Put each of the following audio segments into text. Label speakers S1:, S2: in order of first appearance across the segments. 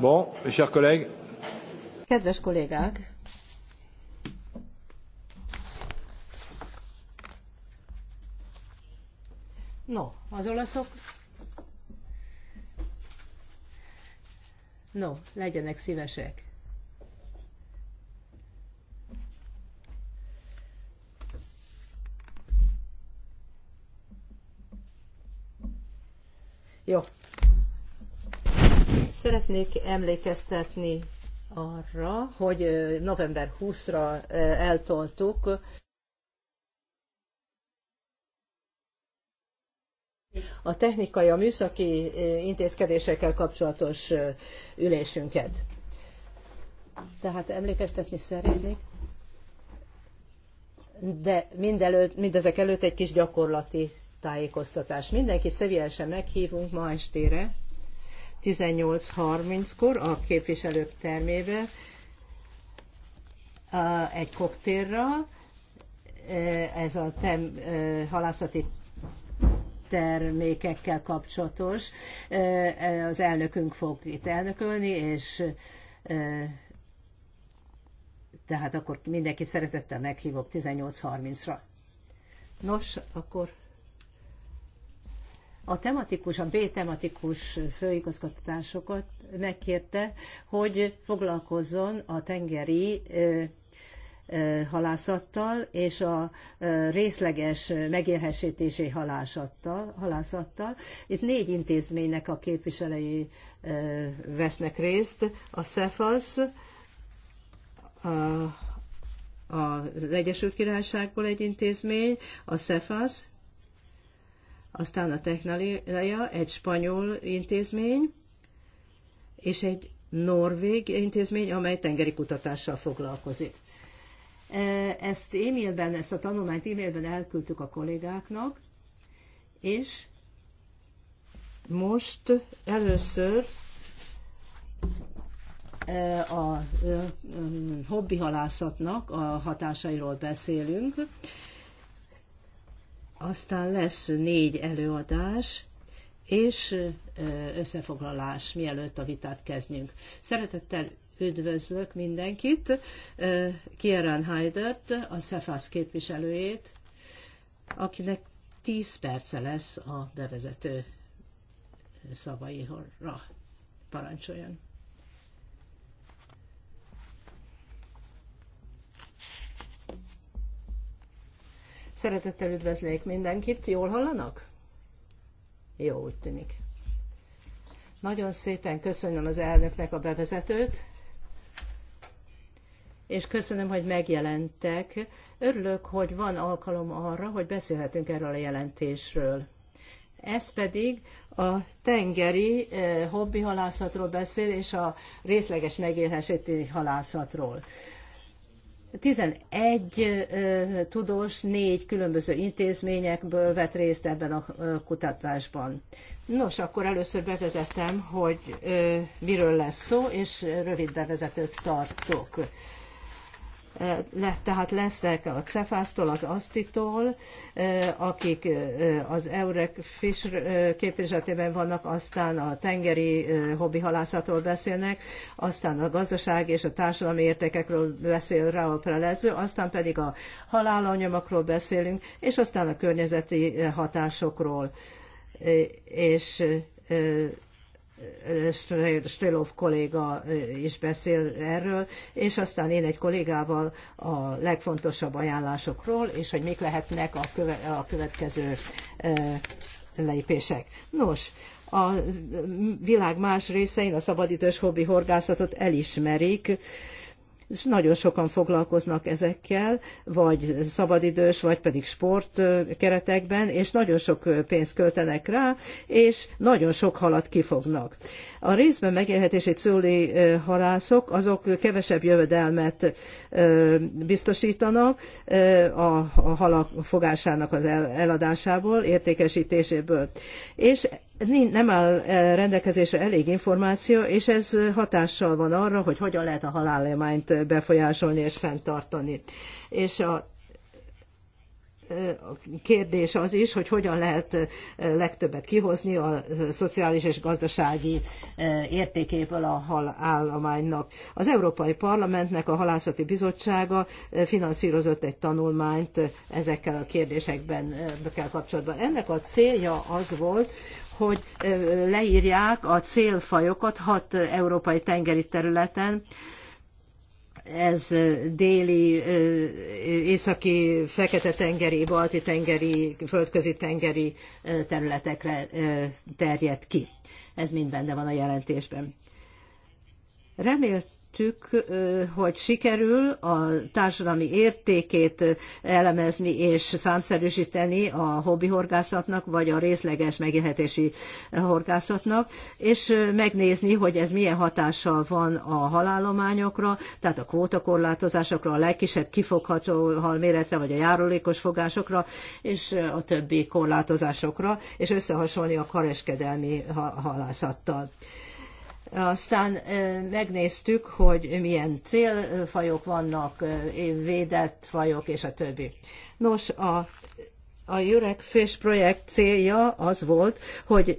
S1: Bon, chers collègues. Kedves kollégák! No, az olaszok... No, legyenek szívesek. Jó, Szeretnék emlékeztetni arra, hogy november 20-ra eltoltuk a technikai, a műszaki intézkedésekkel kapcsolatos ülésünket. Tehát emlékeztetni szeretnék. De mindelőtt, mindezek előtt egy kis gyakorlati tájékoztatás. Mindenkit szívesen meghívunk ma estére 18.30-kor a képviselők termébe egy koktélra, e, ez a term, e, halászati termékekkel kapcsolatos. E, az elnökünk fog itt elnökölni, és tehát akkor mindenki szeretettel meghívok 18.30-ra. Nos, akkor a tematikus, a B-tematikus főigazgatásokat megkérte, hogy foglalkozzon a tengeri halászattal és a részleges megélhessítési halászattal, halászattal. Itt négy intézménynek a képviselői vesznek részt. A CEFAS, az Egyesült Királyságból egy intézmény, a CEFAS, aztán a Technalia egy spanyol intézmény, és egy norvég intézmény, amely tengeri kutatással foglalkozik. E, ezt e-mailben, ezt a tanulmányt e-mailben elküldtük a kollégáknak, és most először e, a e, hobbihalászatnak a hatásairól beszélünk. Aztán lesz négy előadás és összefoglalás, mielőtt a vitát kezdjünk. Szeretettel üdvözlök mindenkit, Kieran Heidert, a Cefasz képviselőjét, akinek 10 perce lesz a bevezető szavaihorra. Parancsoljon! Szeretettel üdvözlék mindenkit. Jól hallanak? Jó, úgy tűnik. Nagyon szépen köszönöm az elnöknek a bevezetőt, és köszönöm, hogy megjelentek. Örülök, hogy van alkalom arra, hogy beszélhetünk erről a jelentésről. Ez pedig a tengeri eh, hobbi halászatról beszél, és a részleges megélhetési halászatról. 11 tudós négy különböző intézményekből vett részt ebben a kutatásban. Nos, akkor először bevezetem, hogy miről lesz szó, és rövid bevezetőt tartok. Eh, le, tehát lesznek a cefásztól, az asztitól, eh, akik eh, az EUREK FISH képviseletében vannak, aztán a tengeri hobbi halászatról beszélnek, aztán a gazdaság és a társadalmi értékekről beszél a Prelező, aztán pedig a halálanyomakról beszélünk, és aztán a környezeti hatásokról. És Strelov kolléga is beszél erről, és aztán én egy kollégával a legfontosabb ajánlásokról, és hogy mik lehetnek a, következő lépések. Nos, a világ más részein a szabadidős hobbi horgászatot elismerik, és nagyon sokan foglalkoznak ezekkel, vagy szabadidős, vagy pedig sport keretekben, és nagyon sok pénzt költenek rá, és nagyon sok halat kifognak. A részben megélhetési cőli halászok, azok kevesebb jövedelmet biztosítanak a halak fogásának az eladásából, értékesítéséből. És nem áll eh, rendelkezésre elég információ, és ez eh, hatással van arra, hogy hogyan lehet a halállemányt eh, befolyásolni és fenntartani. És a kérdés az is, hogy hogyan lehet legtöbbet kihozni a szociális és gazdasági értékéből a halállománynak. Az Európai Parlamentnek a Halászati Bizottsága finanszírozott egy tanulmányt ezekkel a kérdésekben kell kapcsolatban. Ennek a célja az volt, hogy leírják a célfajokat hat európai tengeri területen, ez déli, északi, fekete-tengeri, balti-tengeri, földközi-tengeri területekre terjed ki. Ez mind benne van a jelentésben. Remélt, hittük, hogy sikerül a társadalmi értékét elemezni és számszerűsíteni a hobbi horgászatnak, vagy a részleges megélhetési horgászatnak, és megnézni, hogy ez milyen hatással van a halállományokra, tehát a kvótakorlátozásokra, a legkisebb kifogható halméretre, vagy a járulékos fogásokra, és a többi korlátozásokra, és összehasonlítani a kereskedelmi halászattal. Aztán megnéztük, hogy milyen célfajok vannak, védett fajok és a többi. Nos, a a Jurek Fish projekt célja az volt, hogy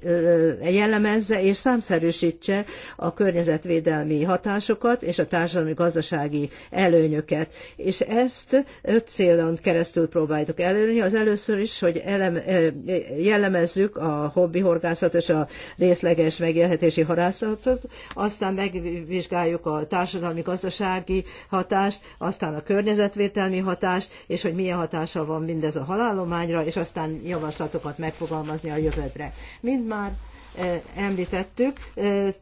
S1: jellemezze és számszerűsítse a környezetvédelmi hatásokat és a társadalmi-gazdasági előnyöket. És ezt öt célon keresztül próbáltuk előni. Az először is, hogy elem, jellemezzük a hobbi horgászat és a részleges megélhetési harászatot, aztán megvizsgáljuk a társadalmi-gazdasági hatást, aztán a környezetvédelmi hatást, és hogy milyen hatással van mindez a halálomány irányra, és aztán javaslatokat megfogalmazni a jövőre. Mint már eh, említettük, eh,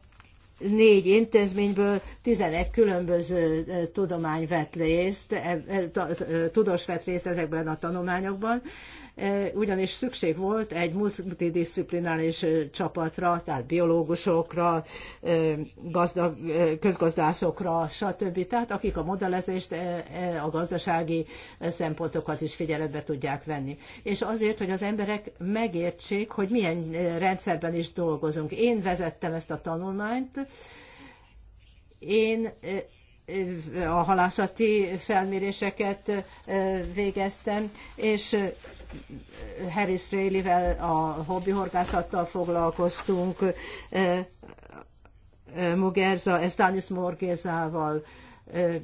S1: négy intézményből 11 különböző eh, tudomány vett részt, tudós vett részt ezekben a tanulmányokban, E, ugyanis szükség volt egy multidisziplinális e, csapatra, tehát biológusokra, e, gazdag, közgazdászokra, stb. Tehát akik a modellezést, a gazdasági szempontokat is figyelembe tudják venni. És azért, hogy az emberek megértsék, hogy milyen rendszerben is dolgozunk. Én vezettem ezt a tanulmányt, én a halászati felméréseket végeztem, és Harris Rayleighvel, a hobbihorgászattal foglalkoztunk, eh, eh, Mugerza, Estanis Morgézával eh,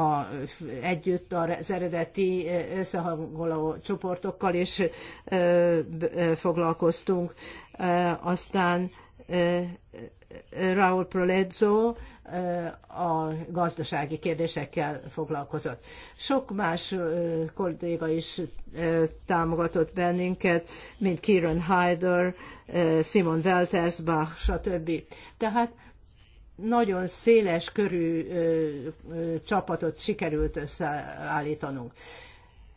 S1: a, együtt az eredeti összehangoló csoportokkal is foglalkoztunk. Aztán Raúl Prolezzo eh, a gazdasági kérdésekkel foglalkozott. Sok más eh, kolléga is eh, támogatott bennünket, mint Kieran Heider, Simon Weltersbach, stb. Tehát nagyon széles körű csapatot sikerült összeállítanunk.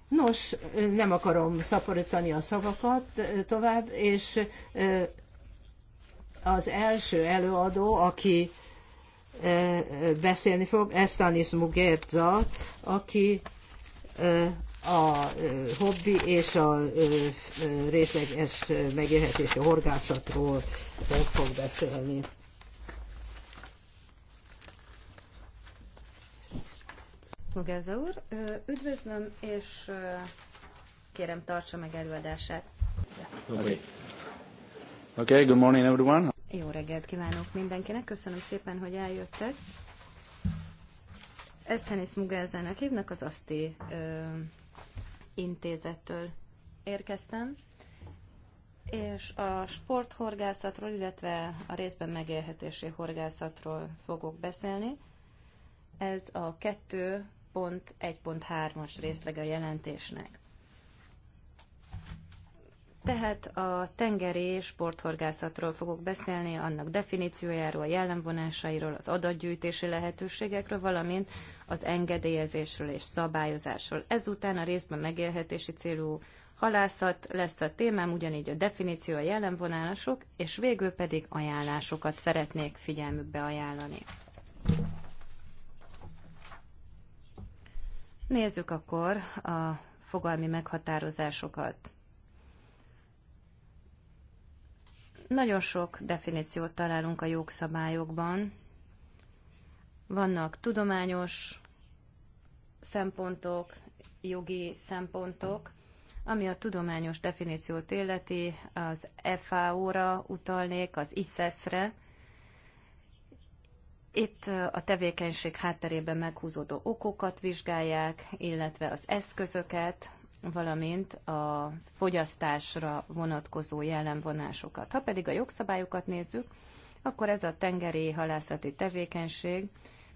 S1: Nos, nem akarom szaporítani a szavakat tovább, és az első előadó, aki e, beszélni fog, Estanis Mugerza, aki e, a e, hobbi és a részleges a horgászatról fog beszélni.
S2: Mugerza úr, üdvözlöm, és kérem tartsa meg előadását. Okay. Okay, good morning everyone. Jó reggelt kívánok mindenkinek, köszönöm szépen, hogy eljöttek. Esztenis Mugelzenek hívnak, az ASZTI ö, intézettől érkeztem, és a sporthorgászatról, illetve a részben megélhetési horgászatról fogok beszélni. Ez a 2.1.3-as részleg a jelentésnek. Tehát a tengeri sporthorgászatról fogok beszélni, annak definíciójáról, jellemvonásairól, az adatgyűjtési lehetőségekről, valamint az engedélyezésről és szabályozásról. Ezután a részben megélhetési célú halászat lesz a témám, ugyanígy a definíció, a jellemvonások, és végül pedig ajánlásokat szeretnék figyelmükbe ajánlani. Nézzük akkor a fogalmi meghatározásokat. Nagyon sok definíciót találunk a jogszabályokban. Vannak tudományos szempontok, jogi szempontok, ami a tudományos definíciót illeti, az FAO-ra utalnék, az issz e re Itt a tevékenység hátterében meghúzódó okokat vizsgálják, illetve az eszközöket, valamint a fogyasztásra vonatkozó jellemvonásokat. Ha pedig a jogszabályokat nézzük, akkor ez a tengeri halászati tevékenység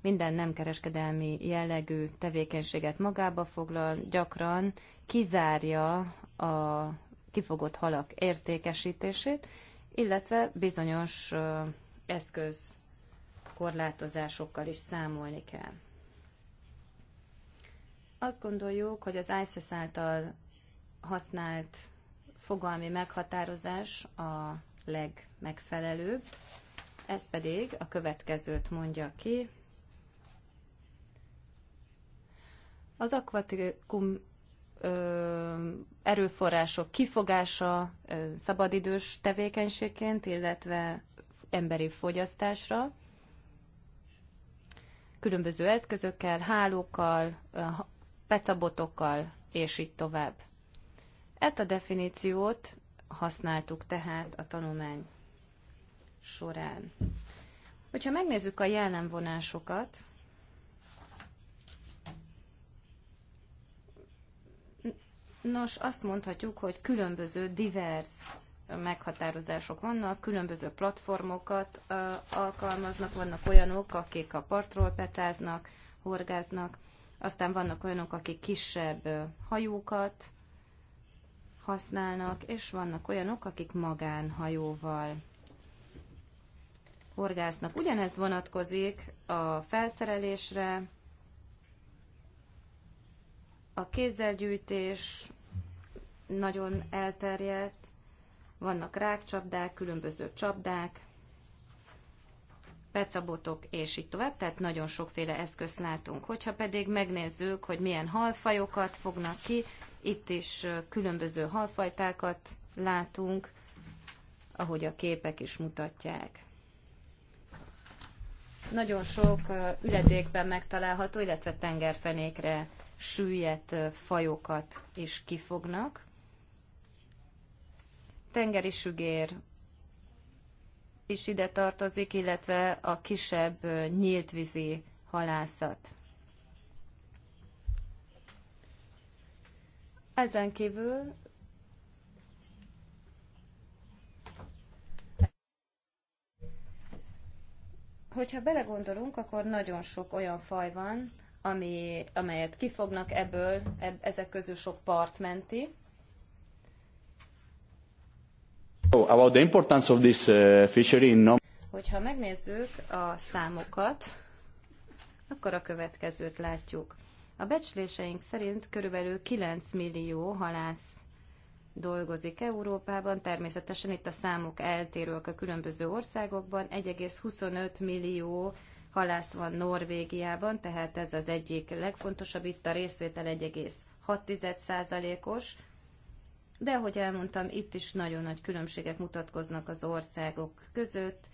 S2: minden nem kereskedelmi jellegű tevékenységet magába foglal, gyakran kizárja a kifogott halak értékesítését, illetve bizonyos eszköz korlátozásokkal is számolni kell. Azt gondoljuk, hogy az ISIS által használt fogalmi meghatározás a legmegfelelőbb, ez pedig a következőt mondja ki. Az akvatikum erőforrások kifogása ö, szabadidős tevékenységként, illetve emberi fogyasztásra, különböző eszközökkel, hálókkal, pecabotokkal, és így tovább. Ezt a definíciót használtuk tehát a tanulmány során. Hogyha megnézzük a jellemvonásokat, nos, azt mondhatjuk, hogy különböző, divers meghatározások vannak, különböző platformokat alkalmaznak, vannak olyanok, akik a partról pecáznak, horgáznak, aztán vannak olyanok, akik kisebb hajókat használnak, és vannak olyanok, akik magánhajóval horgásznak. Ugyanez vonatkozik a felszerelésre, a kézzelgyűjtés nagyon elterjedt, vannak rákcsapdák, különböző csapdák, pecabotok, és így tovább, tehát nagyon sokféle eszközt látunk. Hogyha pedig megnézzük, hogy milyen halfajokat fognak ki, itt is különböző halfajtákat látunk, ahogy a képek is mutatják. Nagyon sok üledékben megtalálható, illetve tengerfenékre süllyedt fajokat is kifognak. Tengeri sügér, is ide tartozik, illetve a kisebb nyíltvízi halászat. Ezen kívül hogyha belegondolunk, akkor nagyon sok olyan faj van, ami, amelyet kifognak ebből, eb, ezek közül sok partmenti, Oh, uh, Hogyha megnézzük a számokat, akkor a következőt látjuk. A becsléseink szerint körülbelül 9 millió halász dolgozik Európában, természetesen itt a számok eltérőek a különböző országokban, 1,25 millió halász van Norvégiában, tehát ez az egyik legfontosabb, itt a részvétel 1,6%-os, de ahogy elmondtam, itt is nagyon nagy különbségek mutatkoznak az országok között.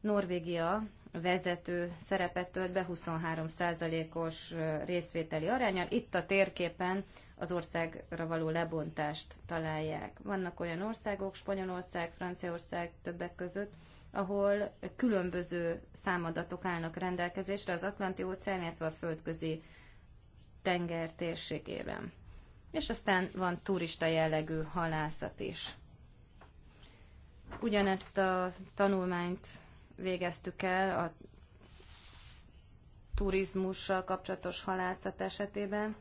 S2: Norvégia vezető szerepet tölt be 23%-os részvételi arányal. Itt a térképen az országra való lebontást találják. Vannak olyan országok, Spanyolország, Franciaország többek között, ahol különböző számadatok állnak rendelkezésre az Atlanti óceán, illetve a földközi tenger térségében és aztán van turista jellegű halászat is. Ugyanezt a tanulmányt végeztük el a turizmussal kapcsolatos halászat esetében.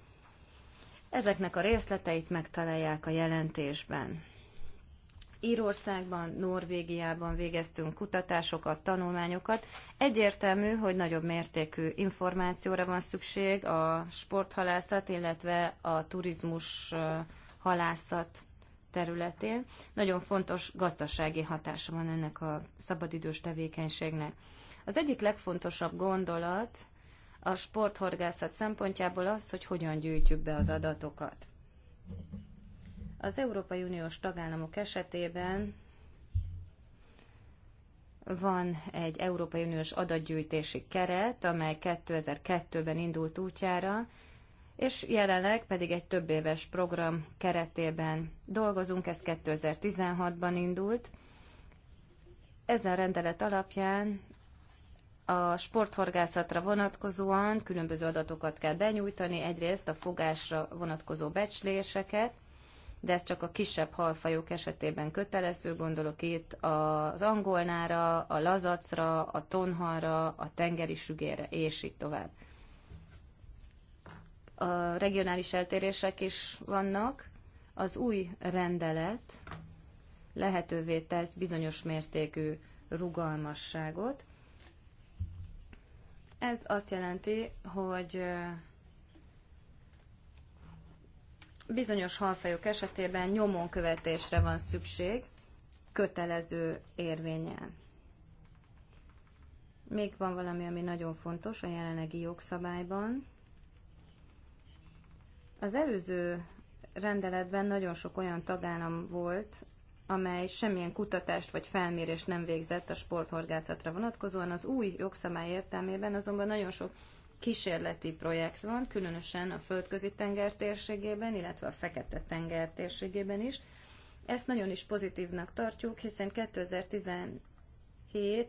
S2: Ezeknek a részleteit megtalálják a jelentésben. Írországban, Norvégiában végeztünk kutatásokat, tanulmányokat. Egyértelmű, hogy nagyobb mértékű információra van szükség a sporthalászat, illetve a turizmus halászat területén. Nagyon fontos gazdasági hatása van ennek a szabadidős tevékenységnek. Az egyik legfontosabb gondolat a sporthorgászat szempontjából az, hogy hogyan gyűjtjük be az adatokat. Az Európai Uniós tagállamok esetében van egy Európai Uniós adatgyűjtési keret, amely 2002-ben indult útjára, és jelenleg pedig egy több éves program keretében dolgozunk, ez 2016-ban indult. Ezen rendelet alapján a sporthorgászatra vonatkozóan különböző adatokat kell benyújtani, egyrészt a fogásra vonatkozó becsléseket, de ez csak a kisebb halfajok esetében kötelező, gondolok itt az angolnára, a lazacra, a tonhalra, a tengeri sügére, és így tovább. A regionális eltérések is vannak. Az új rendelet lehetővé tesz bizonyos mértékű rugalmasságot. Ez azt jelenti, hogy bizonyos halfajok esetében nyomon követésre van szükség, kötelező érvényel. Még van valami, ami nagyon fontos a jelenlegi jogszabályban. Az előző rendeletben nagyon sok olyan tagállam volt, amely semmilyen kutatást vagy felmérést nem végzett a sporthorgászatra vonatkozóan. Az új jogszabály értelmében azonban nagyon sok kísérleti projekt van, különösen a földközi tenger térségében, illetve a fekete tenger térségében is. Ezt nagyon is pozitívnak tartjuk, hiszen 2017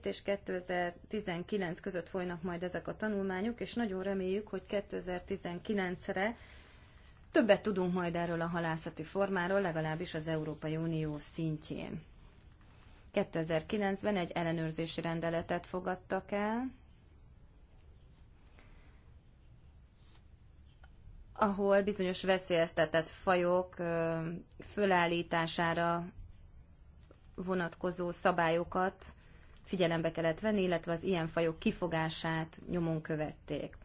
S2: és 2019 között folynak majd ezek a tanulmányok, és nagyon reméljük, hogy 2019-re többet tudunk majd erről a halászati formáról, legalábbis az Európai Unió szintjén. 2009-ben egy ellenőrzési rendeletet fogadtak el, ahol bizonyos veszélyeztetett fajok fölállítására vonatkozó szabályokat figyelembe kellett venni, illetve az ilyen fajok kifogását nyomon követték.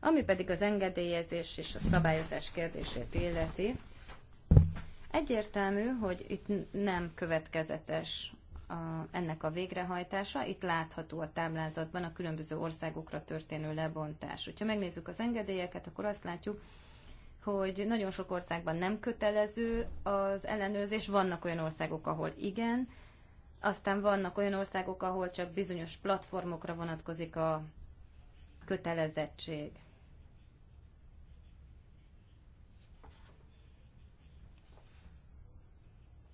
S2: Ami pedig az engedélyezés és a szabályozás kérdését illeti, egyértelmű, hogy itt nem következetes a, ennek a végrehajtása. Itt látható a táblázatban a különböző országokra történő lebontás. Ha megnézzük az engedélyeket, akkor azt látjuk, hogy nagyon sok országban nem kötelező az ellenőrzés, vannak olyan országok, ahol igen, aztán vannak olyan országok, ahol csak bizonyos platformokra vonatkozik a kötelezettség.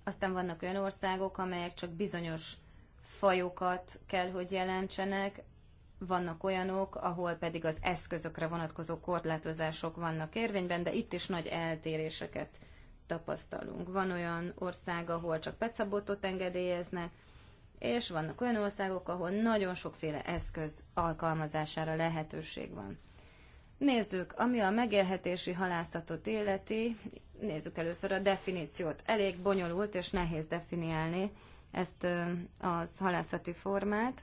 S2: Aztán vannak olyan országok, amelyek csak bizonyos fajokat kell, hogy jelentsenek, vannak olyanok, ahol pedig az eszközökre vonatkozó korlátozások vannak érvényben, de itt is nagy eltéréseket tapasztalunk. Van olyan ország, ahol csak pecabotot engedélyeznek, és vannak olyan országok, ahol nagyon sokféle eszköz alkalmazására lehetőség van. Nézzük, ami a megélhetési halászatot illeti, nézzük először a definíciót. Elég bonyolult és nehéz definiálni ezt az halászati formát.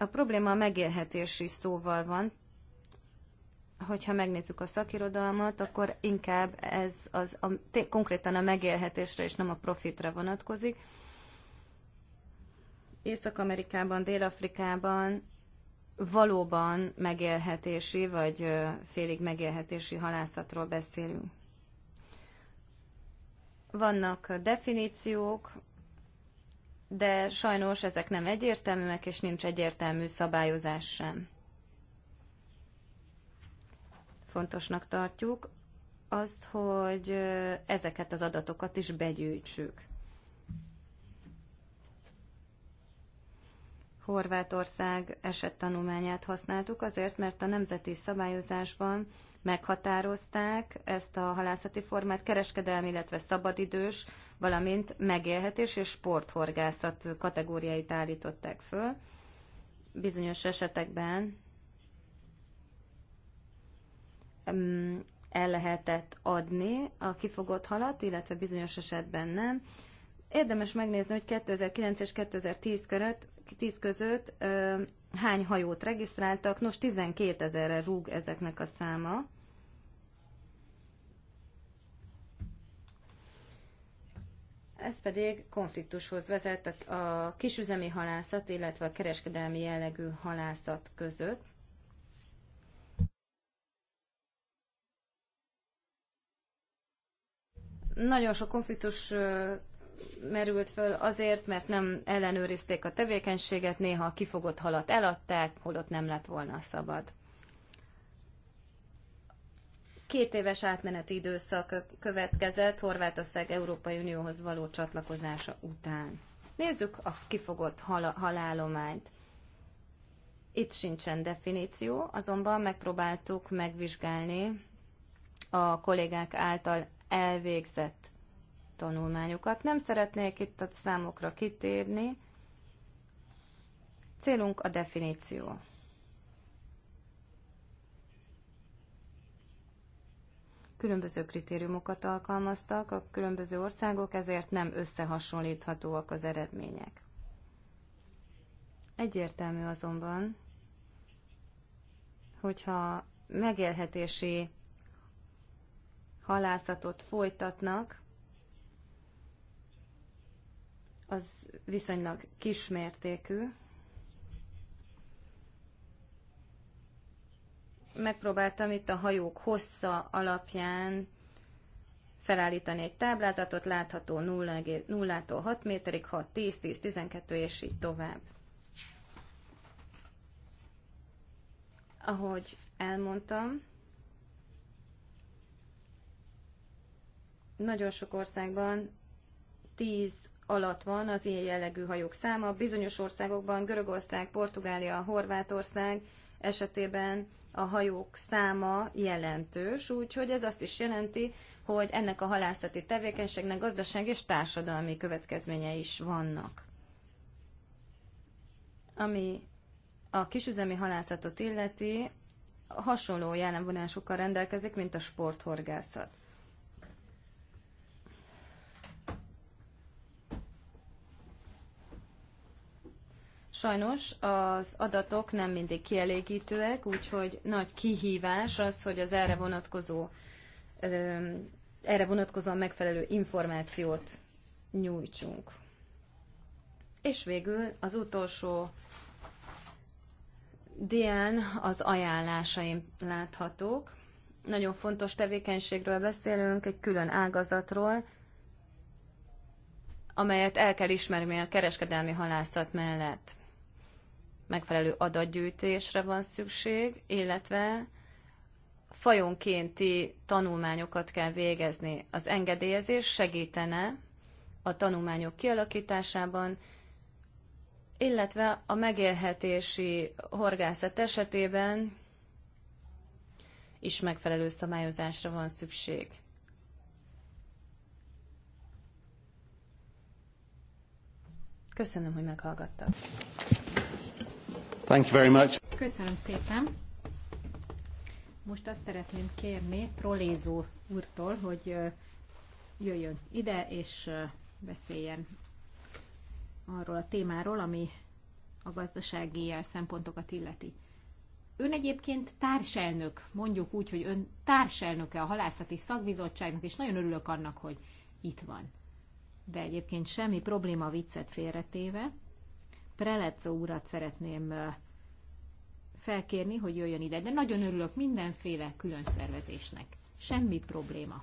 S2: A probléma a megélhetési szóval van. Hogyha megnézzük a szakirodalmat, akkor inkább ez az a, konkrétan a megélhetésre és nem a profitra vonatkozik. Észak-Amerikában, Dél-Afrikában valóban megélhetési vagy félig megélhetési halászatról beszélünk. Vannak definíciók, de sajnos ezek nem egyértelműek, és nincs egyértelmű szabályozás sem. Fontosnak tartjuk azt, hogy ezeket az adatokat is begyűjtsük. Horvátország esettanulmányát használtuk azért, mert a nemzeti szabályozásban meghatározták ezt a halászati formát, kereskedelmi, illetve szabadidős, valamint megélhetés és sporthorgászat kategóriáit állították föl. Bizonyos esetekben el lehetett adni a kifogott halat, illetve bizonyos esetben nem. Érdemes megnézni, hogy 2009 és 2010 között, 10 között hány hajót regisztráltak, nos 12 ezerre rúg ezeknek a száma. Ez pedig konfliktushoz vezet a kisüzemi halászat, illetve a kereskedelmi jellegű halászat között. Nagyon sok konfliktus merült föl azért, mert nem ellenőrizték a tevékenységet, néha a kifogott halat eladták, holott nem lett volna szabad. Két éves átmeneti időszak következett Horvátország Európai Unióhoz való csatlakozása után. Nézzük a kifogott hal- halállományt. Itt sincsen definíció, azonban megpróbáltuk megvizsgálni a kollégák által elvégzett tanulmányokat. Nem szeretnék itt a számokra kitérni. Célunk a definíció. Különböző kritériumokat alkalmaztak a különböző országok, ezért nem összehasonlíthatóak az eredmények. Egyértelmű azonban, hogyha megélhetési halászatot folytatnak, az viszonylag kismértékű. Megpróbáltam itt a hajók hossza alapján felállítani egy táblázatot, látható 0-tól 6 méterig, 6, 10, 10, 12 és így tovább. Ahogy elmondtam, nagyon sok országban 10 alatt van az ilyen jellegű hajók száma. Bizonyos országokban, Görögország, Portugália, Horvátország esetében a hajók száma jelentős, úgyhogy ez azt is jelenti, hogy ennek a halászati tevékenységnek gazdaság és társadalmi következményei is vannak. Ami a kisüzemi halászatot illeti, hasonló jelenvonásokkal rendelkezik, mint a sporthorgászat. Sajnos az adatok nem mindig kielégítőek, úgyhogy nagy kihívás az, hogy az erre vonatkozó erre vonatkozóan megfelelő információt nyújtsunk. És végül az utolsó dián az ajánlásaim láthatók. Nagyon fontos tevékenységről beszélünk, egy külön ágazatról, amelyet el kell ismerni a kereskedelmi halászat mellett megfelelő adatgyűjtésre van szükség, illetve fajonkénti tanulmányokat kell végezni. Az engedélyezés segítene a tanulmányok kialakításában, illetve a megélhetési horgászat esetében is megfelelő szabályozásra van szükség. Köszönöm, hogy meghallgattak. Thank you very much.
S3: Köszönöm szépen. Most azt szeretném kérni Prolézó úrtól, hogy jöjjön ide és beszéljen arról a témáról, ami a gazdasági szempontokat illeti. Ön egyébként társelnök, mondjuk úgy, hogy ön társelnöke a halászati szakbizottságnak, és nagyon örülök annak, hogy itt van. De egyébként semmi probléma viccet félretéve. Preletzo urat szeretném felkérni, hogy jöjjön ide, de nagyon örülök mindenféle külön szervezésnek. Semmi probléma.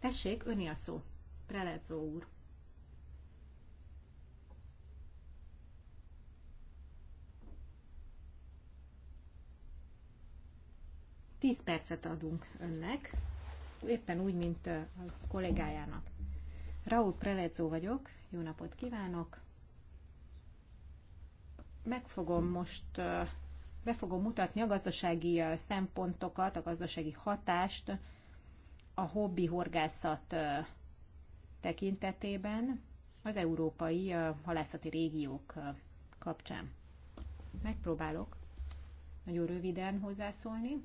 S3: Tessék, öni a szó. Preletzo úr. Tíz percet adunk önnek éppen úgy, mint a kollégájának. Raúl Prelezó vagyok, jó napot kívánok! Meg fogom most, be fogom mutatni a gazdasági szempontokat, a gazdasági hatást a hobbi horgászat tekintetében az európai halászati régiók kapcsán. Megpróbálok nagyon röviden hozzászólni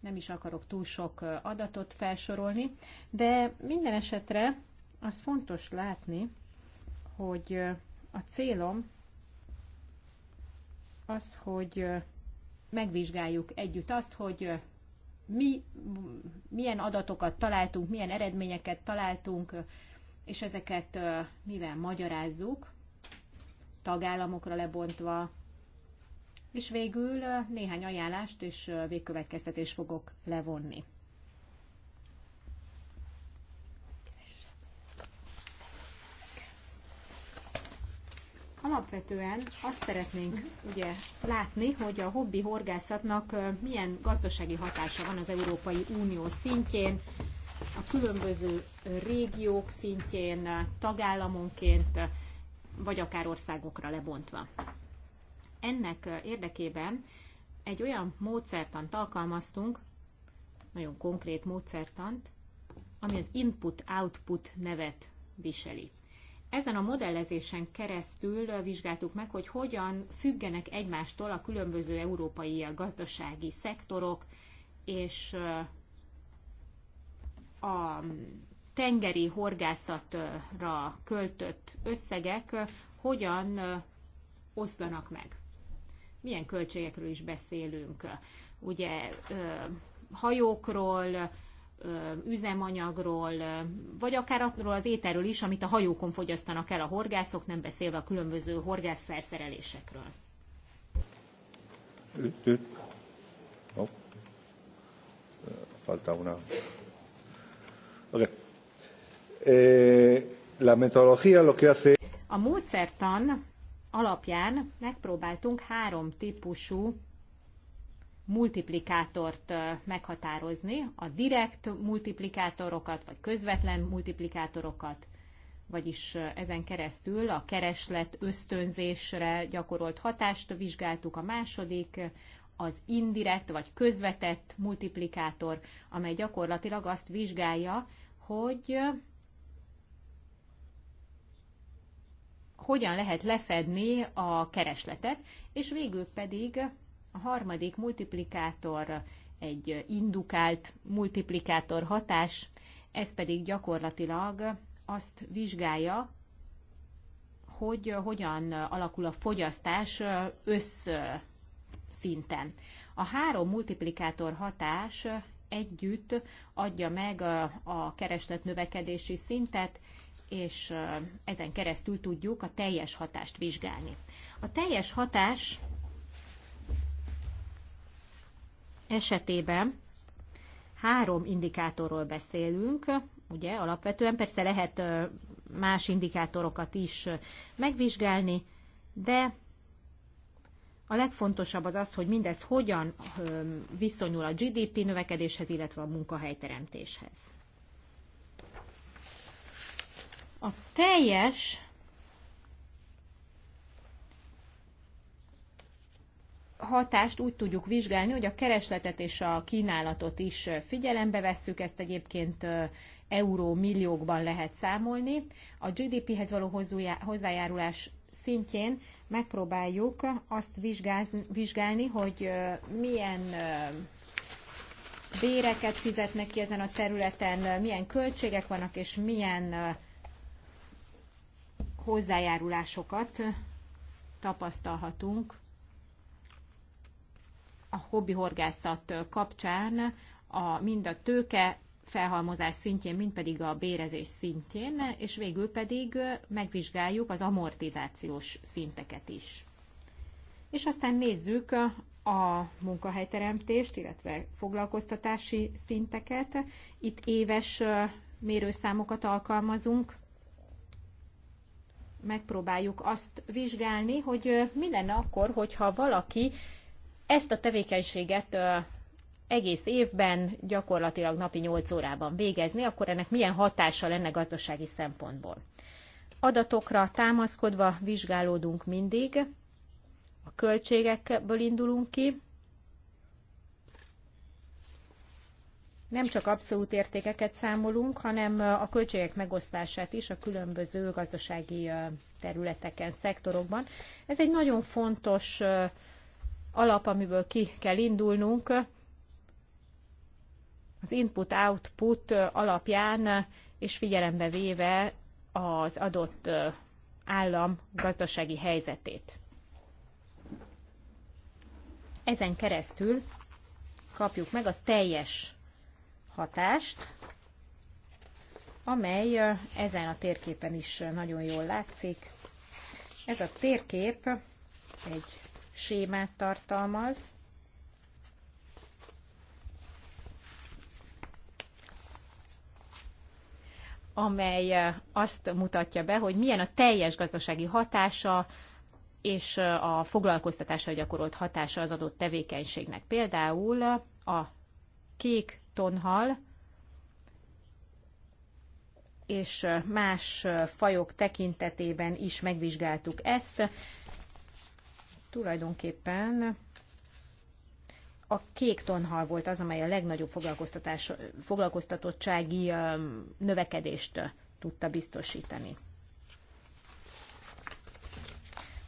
S3: nem is akarok túl sok adatot felsorolni, de minden esetre az fontos látni, hogy a célom az, hogy megvizsgáljuk együtt azt, hogy mi, milyen adatokat találtunk, milyen eredményeket találtunk, és ezeket mivel magyarázzuk, tagállamokra lebontva, és végül néhány ajánlást és végkövetkeztetést fogok levonni. Alapvetően azt szeretnénk ugye látni, hogy a hobbi horgászatnak milyen gazdasági hatása van az Európai Unió szintjén, a különböző régiók szintjén, tagállamonként, vagy akár országokra lebontva ennek érdekében egy olyan módszertant alkalmaztunk, nagyon konkrét módszertant, ami az input-output nevet viseli. Ezen a modellezésen keresztül vizsgáltuk meg, hogy hogyan függenek egymástól a különböző európai gazdasági szektorok és a tengeri horgászatra költött összegek hogyan oszlanak meg milyen költségekről is beszélünk. Ugye hajókról, üzemanyagról, vagy akár arról az ételről is, amit a hajókon fogyasztanak el a horgászok, nem beszélve a különböző horgászfelszerelésekről.
S1: No. Falta una. Okay. Eh, la metodología lo que hace...
S3: A módszertan alapján megpróbáltunk három típusú multiplikátort meghatározni, a direkt multiplikátorokat, vagy közvetlen multiplikátorokat, vagyis ezen keresztül a kereslet ösztönzésre gyakorolt hatást vizsgáltuk, a második az indirekt vagy közvetett multiplikátor, amely gyakorlatilag azt vizsgálja, hogy hogyan lehet lefedni a keresletet, és végül pedig a harmadik multiplikátor egy indukált multiplikátor hatás, ez pedig gyakorlatilag azt vizsgálja, hogy hogyan alakul a fogyasztás összszinten. A három multiplikátor hatás együtt adja meg a kereslet növekedési szintet, és ezen keresztül tudjuk a teljes hatást vizsgálni. A teljes hatás esetében három indikátorról beszélünk, ugye alapvetően persze lehet más indikátorokat is megvizsgálni, de a legfontosabb az az, hogy mindez hogyan viszonyul a GDP növekedéshez, illetve a munkahelyteremtéshez. A teljes hatást úgy tudjuk vizsgálni, hogy a keresletet és a kínálatot is figyelembe vesszük, ezt egyébként euró milliókban lehet számolni. A GDP-hez való hozzájárulás szintjén megpróbáljuk azt vizsgálni, hogy milyen béreket fizetnek ki ezen a területen, milyen költségek vannak, és milyen hozzájárulásokat tapasztalhatunk a hobbi horgászat kapcsán a, mind a tőke felhalmozás szintjén, mind pedig a bérezés szintjén, és végül pedig megvizsgáljuk az amortizációs szinteket is. És aztán nézzük a munkahelyteremtést, illetve foglalkoztatási szinteket. Itt éves mérőszámokat alkalmazunk, megpróbáljuk azt vizsgálni, hogy mi lenne akkor, hogyha valaki ezt a tevékenységet egész évben gyakorlatilag napi 8 órában végezni, akkor ennek milyen hatása lenne gazdasági szempontból. Adatokra támaszkodva vizsgálódunk mindig, a költségekből indulunk ki, nem csak abszolút értékeket számolunk, hanem a költségek megosztását is a különböző gazdasági területeken, szektorokban. Ez egy nagyon fontos alap, amiből ki kell indulnunk. Az input-output alapján és figyelembe véve az adott állam gazdasági helyzetét. Ezen keresztül kapjuk meg a teljes hatást, amely ezen a térképen is nagyon jól látszik. Ez a térkép egy sémát tartalmaz, amely azt mutatja be, hogy milyen a teljes gazdasági hatása és a foglalkoztatásra gyakorolt hatása az adott tevékenységnek. Például a kék tonhal és más fajok tekintetében is megvizsgáltuk ezt. Tulajdonképpen a kék tonhal volt az, amely a legnagyobb foglalkoztatás, foglalkoztatottsági növekedést tudta biztosítani.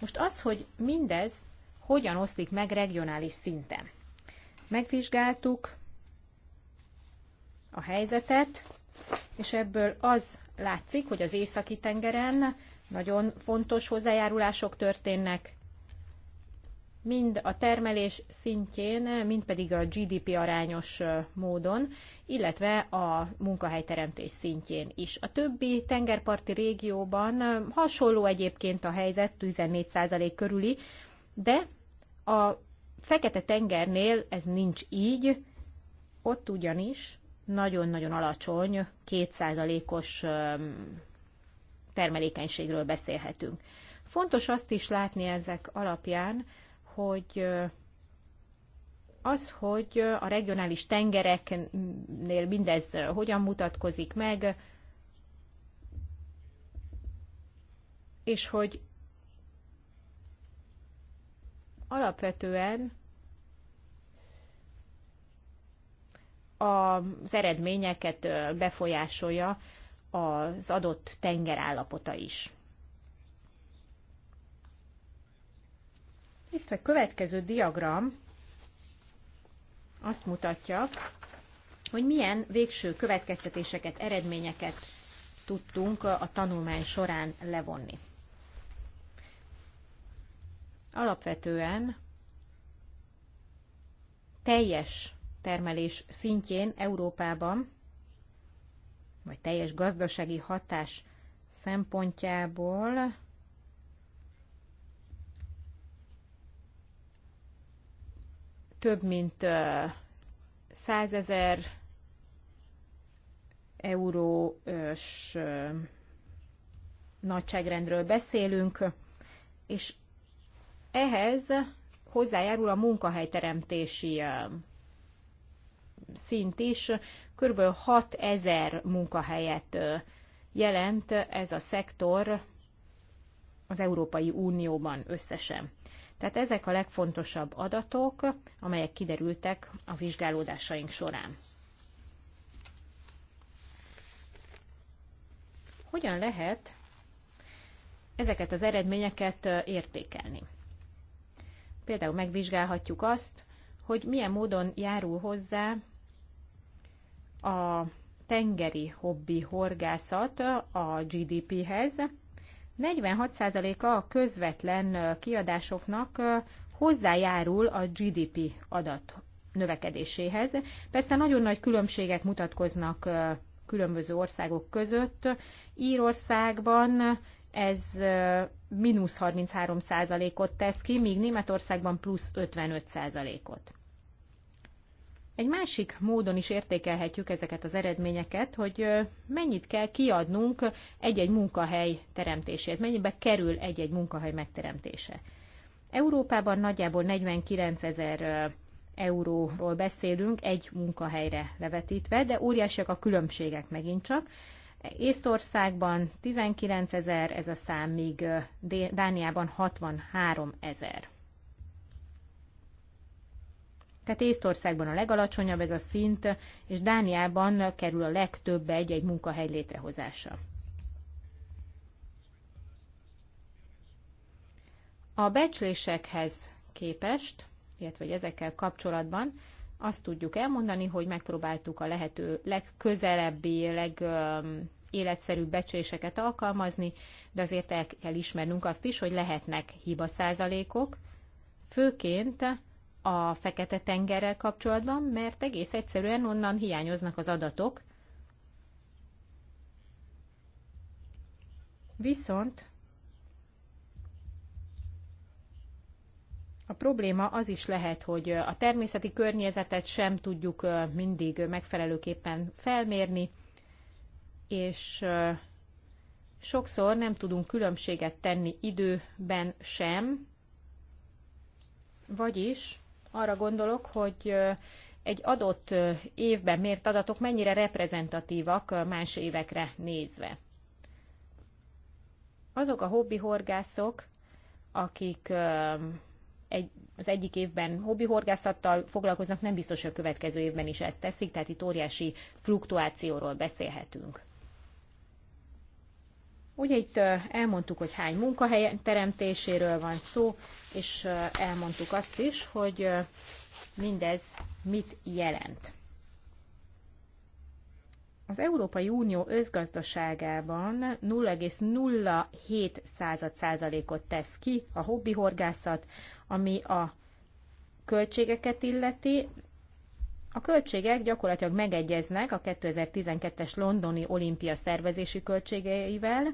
S3: Most az, hogy mindez hogyan oszlik meg regionális szinten. Megvizsgáltuk a helyzetet, és ebből az látszik, hogy az északi tengeren nagyon fontos hozzájárulások történnek, mind a termelés szintjén, mind pedig a GDP arányos módon, illetve a munkahelyteremtés szintjén is. A többi tengerparti régióban hasonló egyébként a helyzet, 14% körüli, de a Fekete-tengernél ez nincs így, ott ugyanis nagyon-nagyon alacsony, kétszázalékos termelékenységről beszélhetünk. Fontos azt is látni ezek alapján, hogy az, hogy a regionális tengereknél mindez hogyan mutatkozik meg, és hogy alapvetően az eredményeket befolyásolja az adott tenger állapota is. Itt a következő diagram azt mutatja, hogy milyen végső következtetéseket, eredményeket tudtunk a tanulmány során levonni. Alapvetően teljes termelés szintjén Európában, vagy teljes gazdasági hatás szempontjából több mint 100 ezer eurós nagyságrendről beszélünk, és ehhez hozzájárul a munkahelyteremtési szint is, kb. ezer munkahelyet jelent ez a szektor az Európai Unióban összesen. Tehát ezek a legfontosabb adatok, amelyek kiderültek a vizsgálódásaink során. Hogyan lehet ezeket az eredményeket értékelni? Például megvizsgálhatjuk azt, hogy milyen módon járul hozzá a tengeri hobbi horgászat a GDP-hez. 46%-a a közvetlen kiadásoknak hozzájárul a GDP adat növekedéséhez. Persze nagyon nagy különbségek mutatkoznak különböző országok között. Írországban ez mínusz 33%-ot tesz ki, míg Németországban plusz 55%-ot egy másik módon is értékelhetjük ezeket az eredményeket, hogy mennyit kell kiadnunk egy-egy munkahely teremtéséhez, mennyibe kerül egy-egy munkahely megteremtése. Európában nagyjából 49 ezer euróról beszélünk egy munkahelyre levetítve, de óriásiak a különbségek megint csak. Észtországban 19 ezer ez a szám, míg Dániában 63 ezer. Tehát Észtországban a legalacsonyabb ez a szint, és Dániában kerül a legtöbb egy-egy munkahely létrehozása. A becslésekhez képest, illetve hogy ezekkel kapcsolatban azt tudjuk elmondani, hogy megpróbáltuk a lehető legközelebbi, legéletszerűbb becsléseket alkalmazni, de azért el kell ismernünk azt is, hogy lehetnek hibaszázalékok, főként a Fekete-tengerrel kapcsolatban, mert egész egyszerűen onnan hiányoznak az adatok. Viszont a probléma az is lehet, hogy a természeti környezetet sem tudjuk mindig megfelelőképpen felmérni, és sokszor nem tudunk különbséget tenni időben sem, vagyis arra gondolok, hogy egy adott évben mért adatok mennyire reprezentatívak más évekre nézve. Azok a hobbi horgászok, akik egy, az egyik évben hobbi horgászattal foglalkoznak, nem biztos, hogy a következő évben is ezt teszik, tehát itt óriási fluktuációról beszélhetünk. Ugye itt elmondtuk, hogy hány munkahely teremtéséről van szó, és elmondtuk azt is, hogy mindez mit jelent. Az Európai Unió özgazdaságában 0,07 százalékot tesz ki a hobbihorgászat, ami a költségeket illeti, a költségek gyakorlatilag megegyeznek a 2012-es londoni olimpia szervezési költségeivel,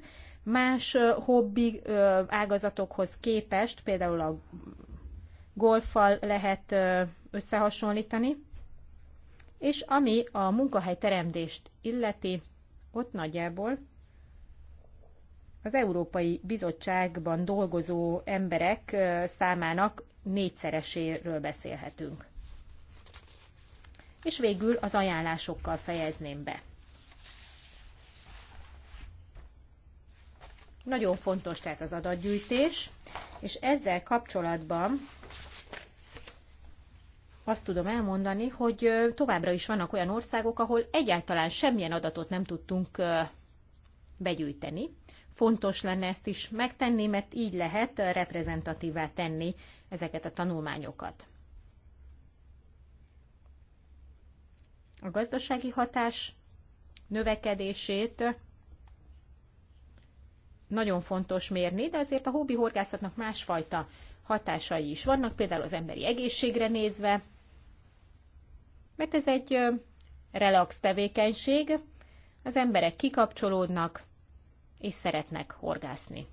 S3: más hobbi ágazatokhoz képest, például a golfal lehet összehasonlítani, és ami a munkahely teremtést illeti, ott nagyjából az Európai Bizottságban dolgozó emberek számának négyszereséről beszélhetünk és végül az ajánlásokkal fejezném be. Nagyon fontos tehát az adatgyűjtés, és ezzel kapcsolatban azt tudom elmondani, hogy továbbra is vannak olyan országok, ahol egyáltalán semmilyen adatot nem tudtunk begyűjteni. Fontos lenne ezt is megtenni, mert így lehet reprezentatívá tenni ezeket a tanulmányokat. a gazdasági hatás növekedését nagyon fontos mérni, de azért a hobbi horgászatnak másfajta hatásai is vannak, például az emberi egészségre nézve, mert ez egy relax tevékenység, az emberek kikapcsolódnak és szeretnek horgászni.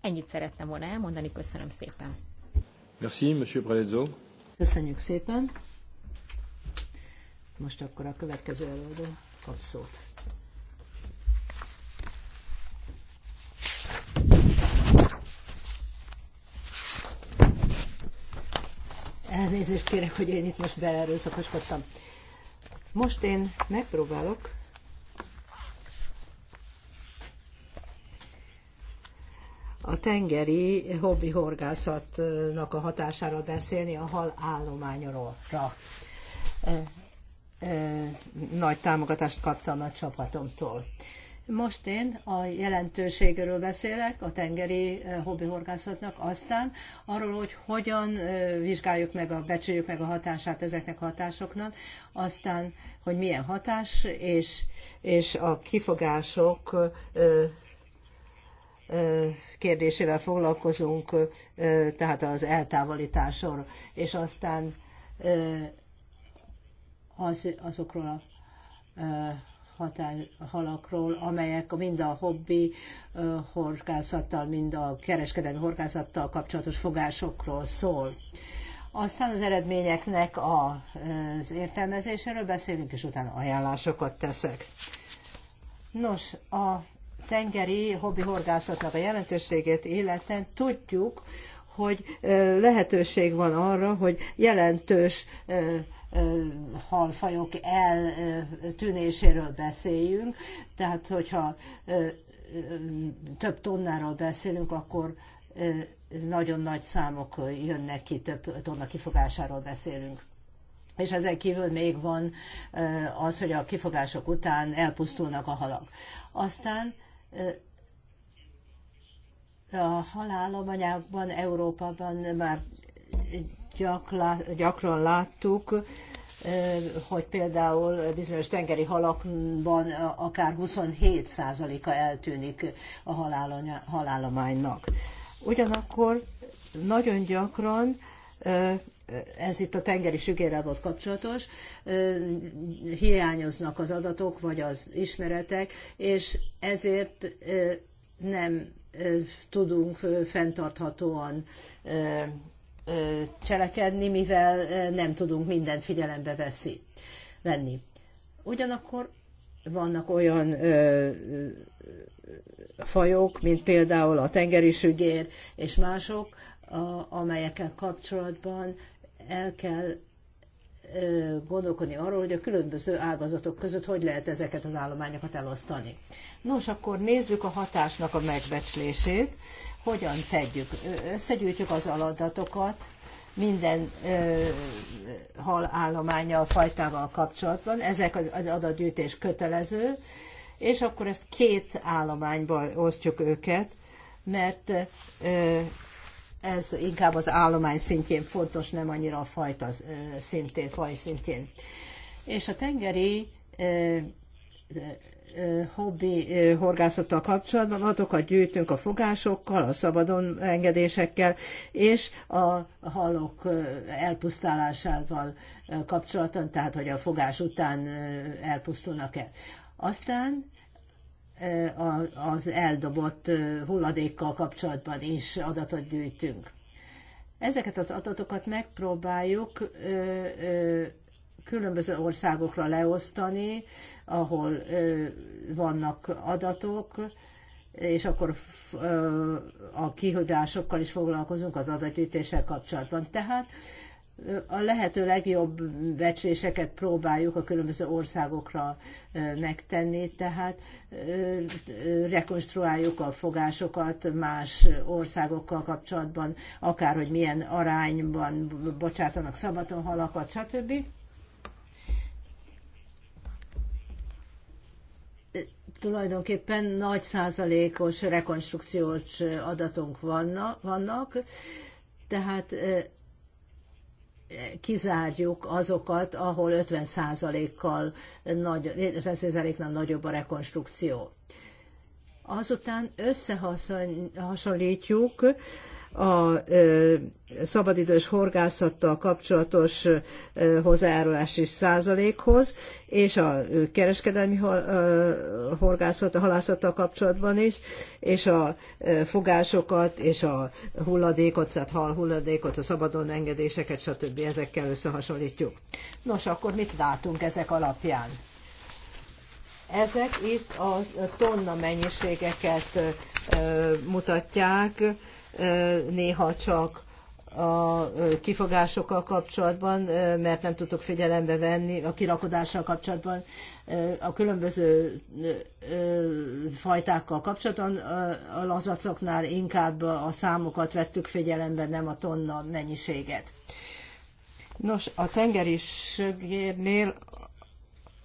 S3: Ennyit szerettem volna elmondani,
S1: köszönöm szépen.
S2: Merci, Monsieur Prelezzo.
S1: Köszönjük szépen. Most akkor a következő előadó kap szót. Elnézést kérek, hogy én itt most beerőszakoskodtam. Most én megpróbálok a tengeri hobbi horgászatnak a hatásáról beszélni a hal állományról. E, e, nagy támogatást kaptam a csapatomtól. Most én a jelentőségről beszélek, a tengeri e, hobbihorgászatnak, aztán arról, hogy hogyan vizsgáljuk meg, a, becsüljük meg a hatását ezeknek a hatásoknak, aztán, hogy milyen hatás és, és a kifogások kérdésével foglalkozunk, tehát az eltávolításról, és aztán az, azokról a határ, halakról, amelyek mind a hobbi horgászattal, mind a kereskedelmi horgászattal kapcsolatos fogásokról szól. Aztán az eredményeknek az értelmezéséről beszélünk, és utána ajánlásokat teszek. Nos, a tengeri hobbi horgászatnak a jelentőségét életen tudjuk, hogy lehetőség van arra, hogy jelentős halfajok eltűnéséről beszéljünk. Tehát, hogyha több tonnáról beszélünk, akkor nagyon nagy számok jönnek ki, több tonna kifogásáról beszélünk. És ezen kívül még van az, hogy a kifogások után elpusztulnak a halak. Aztán a halálomanyákban, Európában már gyakla, gyakran láttuk, hogy például bizonyos tengeri halakban akár 27%-a eltűnik a halálománynak. Ugyanakkor nagyon gyakran ez itt a tengeri sügérrel volt kapcsolatos, hiányoznak az adatok, vagy az ismeretek, és ezért nem tudunk fenntarthatóan cselekedni, mivel nem tudunk mindent figyelembe veszi, venni. Ugyanakkor vannak olyan ö, fajok, mint például a tengeri sügér és mások, a, amelyekkel kapcsolatban el kell gondolkodni arról, hogy a különböző ágazatok között hogy lehet ezeket az állományokat elosztani. Nos, akkor nézzük a hatásnak a megbecslését, hogyan tegyük. Összegyűjtjük az aladatokat minden ö, hal a fajtával kapcsolatban. Ezek az adatgyűjtés kötelező, és akkor ezt két állományban osztjuk őket, mert ö, ez inkább az állomány szintjén fontos, nem annyira a fajta szintén, faj szintjén. És a tengeri hobbi horgászattal kapcsolatban adokat gyűjtünk a fogásokkal, a szabadon engedésekkel és a halok elpusztálásával kapcsolatban, tehát hogy a fogás után elpusztulnak-e. Aztán az eldobott hulladékkal kapcsolatban is adatot gyűjtünk. Ezeket az adatokat megpróbáljuk különböző országokra leosztani, ahol vannak adatok, és akkor a kihudásokkal is foglalkozunk az adatgyűjtéssel kapcsolatban. Tehát a lehető legjobb becséseket próbáljuk a különböző országokra megtenni, tehát rekonstruáljuk a fogásokat más országokkal kapcsolatban, akár hogy milyen arányban bocsátanak szabaton halakat, stb. Tulajdonképpen nagy százalékos rekonstrukciós adatunk vannak, tehát kizárjuk azokat, ahol 50%-kal nagy, 50%-nál nagyobb a rekonstrukció. Azután összehasonlítjuk a szabadidős horgászattal kapcsolatos hozzájárulási százalékhoz, és a kereskedelmi horgászat, a halászattal kapcsolatban is, és a fogásokat, és a hulladékot, tehát hal hulladékot, a szabadon engedéseket, stb. ezekkel összehasonlítjuk. Nos, akkor mit látunk ezek alapján? Ezek itt a tonna mennyiségeket mutatják, néha csak a kifogásokkal kapcsolatban, mert nem tudtuk figyelembe venni a kirakodással kapcsolatban, a különböző fajtákkal kapcsolatban a lazacoknál inkább a számokat vettük figyelembe, nem a tonna mennyiséget. Nos, a tengeri sögérnél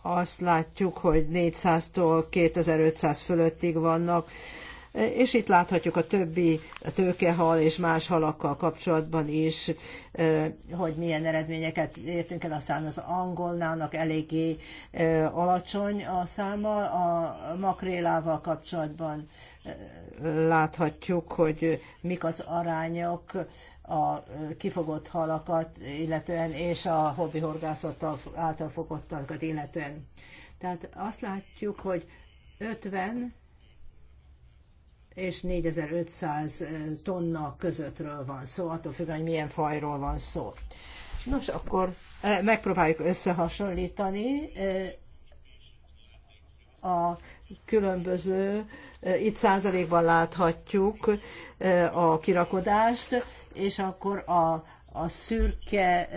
S1: azt látjuk, hogy 400-tól 2500 fölöttig vannak és itt láthatjuk a többi tőkehal és más halakkal kapcsolatban is, hogy milyen eredményeket értünk el, aztán az angolnának eléggé alacsony a száma, a makrélával kapcsolatban láthatjuk, hogy mik az arányok a kifogott halakat illetően, és a hobbi horgászattal által fogottakat illetően. Tehát azt látjuk, hogy 50 és 4500 tonna közöttről van szó, attól függően, hogy milyen fajról van szó. Nos, akkor megpróbáljuk összehasonlítani a különböző, itt százalékban láthatjuk a kirakodást, és akkor a, a szürke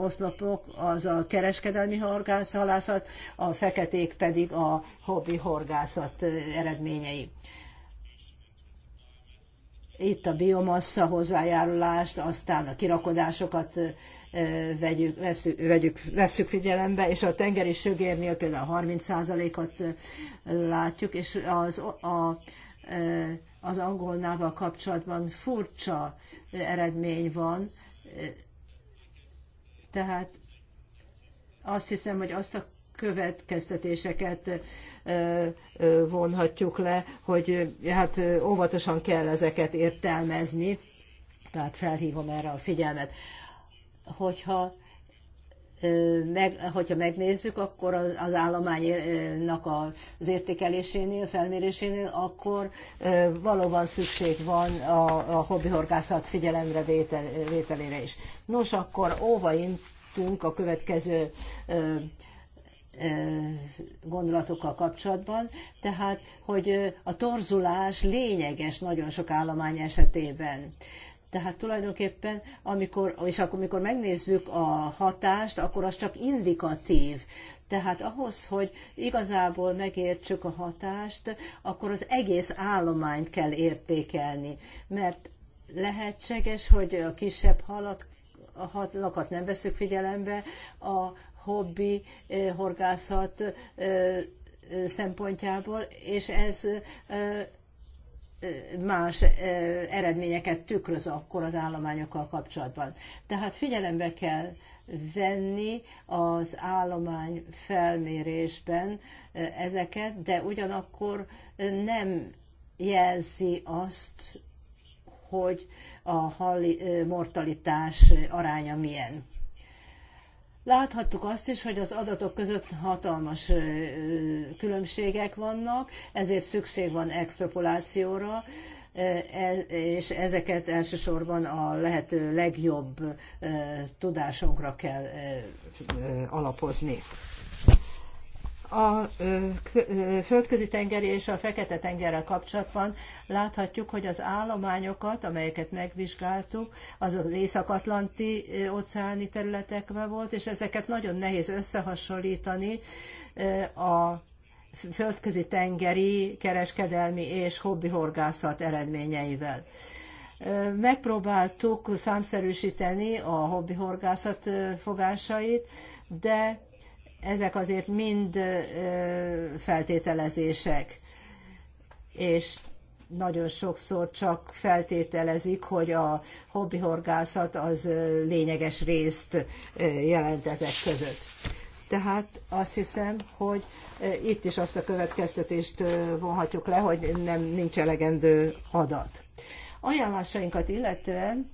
S1: oszlopok az a kereskedelmi horgászhalászat, a feketék pedig a hobbi horgászat eredményei itt a biomassa hozzájárulást, aztán a kirakodásokat vegyük, veszük, vegyük, veszük figyelembe, és a tengeri sögérnél például 30%-at látjuk, és az, a, az angolnával kapcsolatban furcsa eredmény van, tehát azt hiszem, hogy azt a következtetéseket vonhatjuk le, hogy hát óvatosan kell ezeket értelmezni, tehát felhívom erre a figyelmet. Hogyha meg, hogyha megnézzük, akkor az állománynak az értékelésénél, felmérésénél, akkor valóban szükség van a, a hobbihorgászat figyelemre vétel, vételére is. Nos, akkor óva intünk a következő gondolatokkal kapcsolatban, tehát, hogy a torzulás lényeges nagyon sok állomány esetében. Tehát tulajdonképpen, amikor, és akkor, amikor megnézzük a hatást, akkor az csak indikatív. Tehát ahhoz, hogy igazából megértsük a hatást, akkor az egész állományt kell értékelni. Mert lehetséges, hogy a kisebb halak a halakat nem veszük figyelembe, a hobbi horgászat szempontjából, és ez más eredményeket tükröz akkor az állományokkal kapcsolatban. Tehát figyelembe kell venni az állomány felmérésben ezeket, de ugyanakkor nem jelzi azt, hogy a mortalitás aránya milyen. Láthattuk azt is, hogy az adatok között hatalmas különbségek vannak, ezért szükség van extrapolációra, e, és ezeket elsősorban a lehető legjobb tudásunkra kell alapozni a földközi tenger és a fekete tengerrel kapcsolatban láthatjuk, hogy az állományokat, amelyeket megvizsgáltuk, az az észak-atlanti óceáni területekben volt, és ezeket nagyon nehéz összehasonlítani a földközi tengeri kereskedelmi és hobbihorgászat eredményeivel. Megpróbáltuk számszerűsíteni a hobbihorgászat fogásait, de ezek azért mind feltételezések, és nagyon sokszor csak feltételezik, hogy a hobbihorgászat az lényeges részt jelent ezek között. Tehát azt hiszem, hogy itt is azt a következtetést vonhatjuk le, hogy nem nincs elegendő adat. Ajánlásainkat illetően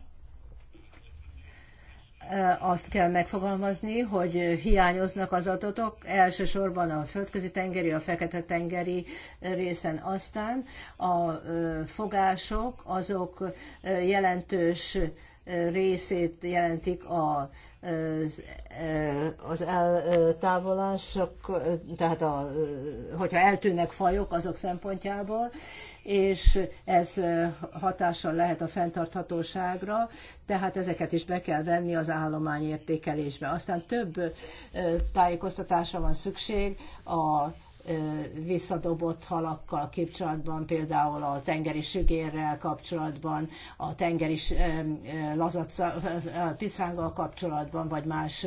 S1: azt kell megfogalmazni, hogy hiányoznak az adatok, elsősorban a földközi tengeri, a fekete tengeri részen. Aztán a fogások azok jelentős részét jelentik a az eh, eltávolás, tehát a, hogyha eltűnnek fajok azok szempontjából, és ez hatással lehet a fenntarthatóságra, tehát ezeket is be kell venni az állomány értékelésbe. Aztán több eh, tájékoztatásra van szükség a visszadobott halakkal kapcsolatban, például a tengeri sügérrel kapcsolatban, a tengeri lazac piszránggal kapcsolatban, vagy más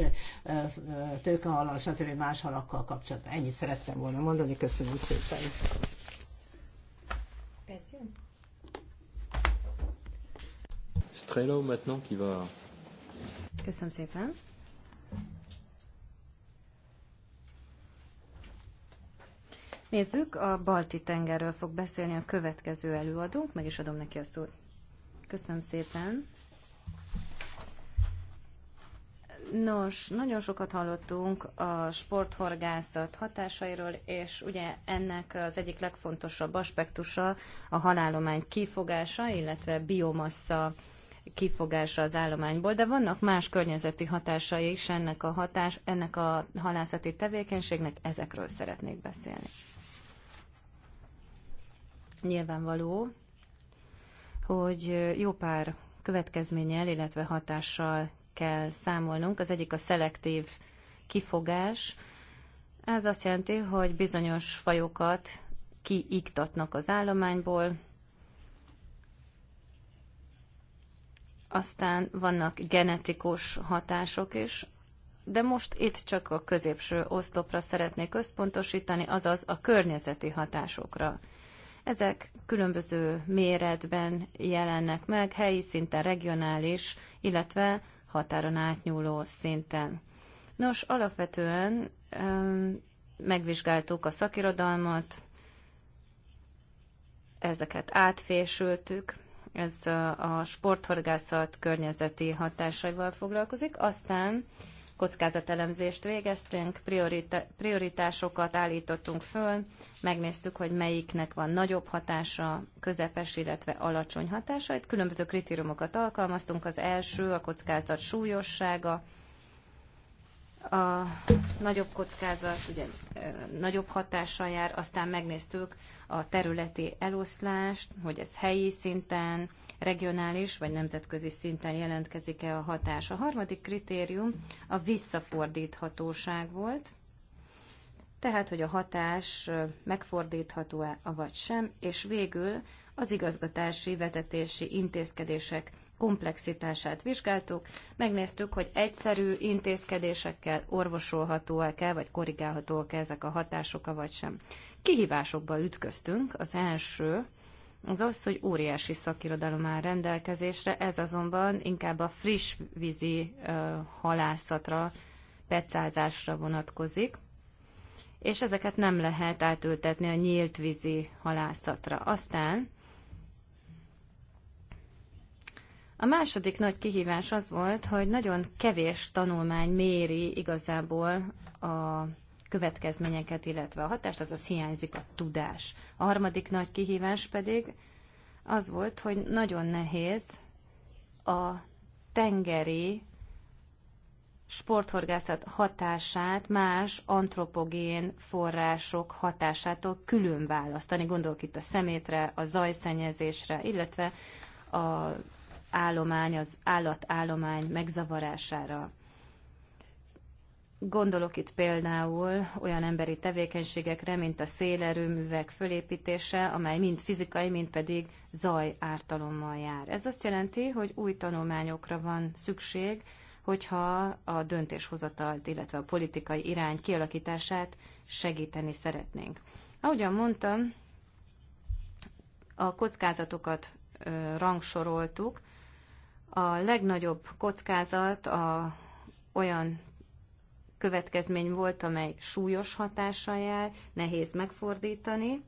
S1: tőkehalal, stb. más halakkal kapcsolatban. Ennyit szerettem volna mondani, köszönöm szépen. Köszönöm.
S2: Köszönöm szépen. Nézzük, a balti tengerről fog beszélni a következő előadónk, meg is adom neki a szót. Köszönöm szépen. Nos, nagyon sokat hallottunk a sporthorgászat hatásairól, és ugye ennek az egyik legfontosabb aspektusa a halálomány kifogása, illetve biomassa kifogása az állományból, de vannak más környezeti hatásai is ennek a hatás, ennek a halászati tevékenységnek, ezekről szeretnék beszélni. Nyilvánvaló, hogy jó pár következménnyel, illetve hatással kell számolnunk. Az egyik a szelektív kifogás. Ez azt jelenti, hogy bizonyos fajokat kiiktatnak az állományból, aztán vannak genetikus hatások is, de most itt csak a középső osztopra szeretnék összpontosítani, azaz a környezeti hatásokra. Ezek különböző méretben jelennek meg, helyi szinten, regionális, illetve határon átnyúló szinten. Nos, alapvetően megvizsgáltuk a szakirodalmat, ezeket átfésültük, ez a sporthorgászat környezeti hatásaival foglalkozik, aztán kockázatelemzést végeztünk, prioritásokat állítottunk föl, megnéztük, hogy melyiknek van nagyobb hatása, közepes, illetve alacsony hatása. Itt különböző kritériumokat alkalmaztunk. Az első a kockázat súlyossága, a nagyobb kockázat ugye nagyobb hatással jár, aztán megnéztük a területi eloszlást, hogy ez helyi szinten, regionális vagy nemzetközi szinten jelentkezik-e a hatás. A harmadik kritérium a visszafordíthatóság volt, tehát, hogy a hatás megfordítható-e, vagy sem, és végül az igazgatási, vezetési intézkedések komplexitását vizsgáltuk, megnéztük, hogy egyszerű intézkedésekkel orvosolhatóak-e, vagy korrigálhatóak-e ezek a hatások, vagy sem. Kihívásokba ütköztünk. Az első az az, hogy óriási szakirodalom áll rendelkezésre, ez azonban inkább a friss vízi halászatra, pecázásra vonatkozik, és ezeket nem lehet átültetni a nyílt vízi halászatra. Aztán A második nagy kihívás az volt, hogy nagyon kevés tanulmány méri igazából a következményeket, illetve a hatást, azaz hiányzik a tudás. A harmadik nagy kihívás pedig az volt, hogy nagyon nehéz a tengeri sporthorgászat hatását más antropogén források hatásától külön választani. Gondolok itt a szemétre, a zajszennyezésre, illetve a állomány, az állatállomány megzavarására. Gondolok itt például olyan emberi tevékenységekre, mint a szélerőművek fölépítése, amely mind fizikai, mind pedig zaj ártalommal jár. Ez azt jelenti, hogy új tanulmányokra van szükség, hogyha a döntéshozatalt, illetve a politikai irány kialakítását segíteni szeretnénk. Ahogyan mondtam, a kockázatokat ö, rangsoroltuk, a legnagyobb kockázat a, olyan következmény volt, amely súlyos hatással jár, nehéz megfordítani.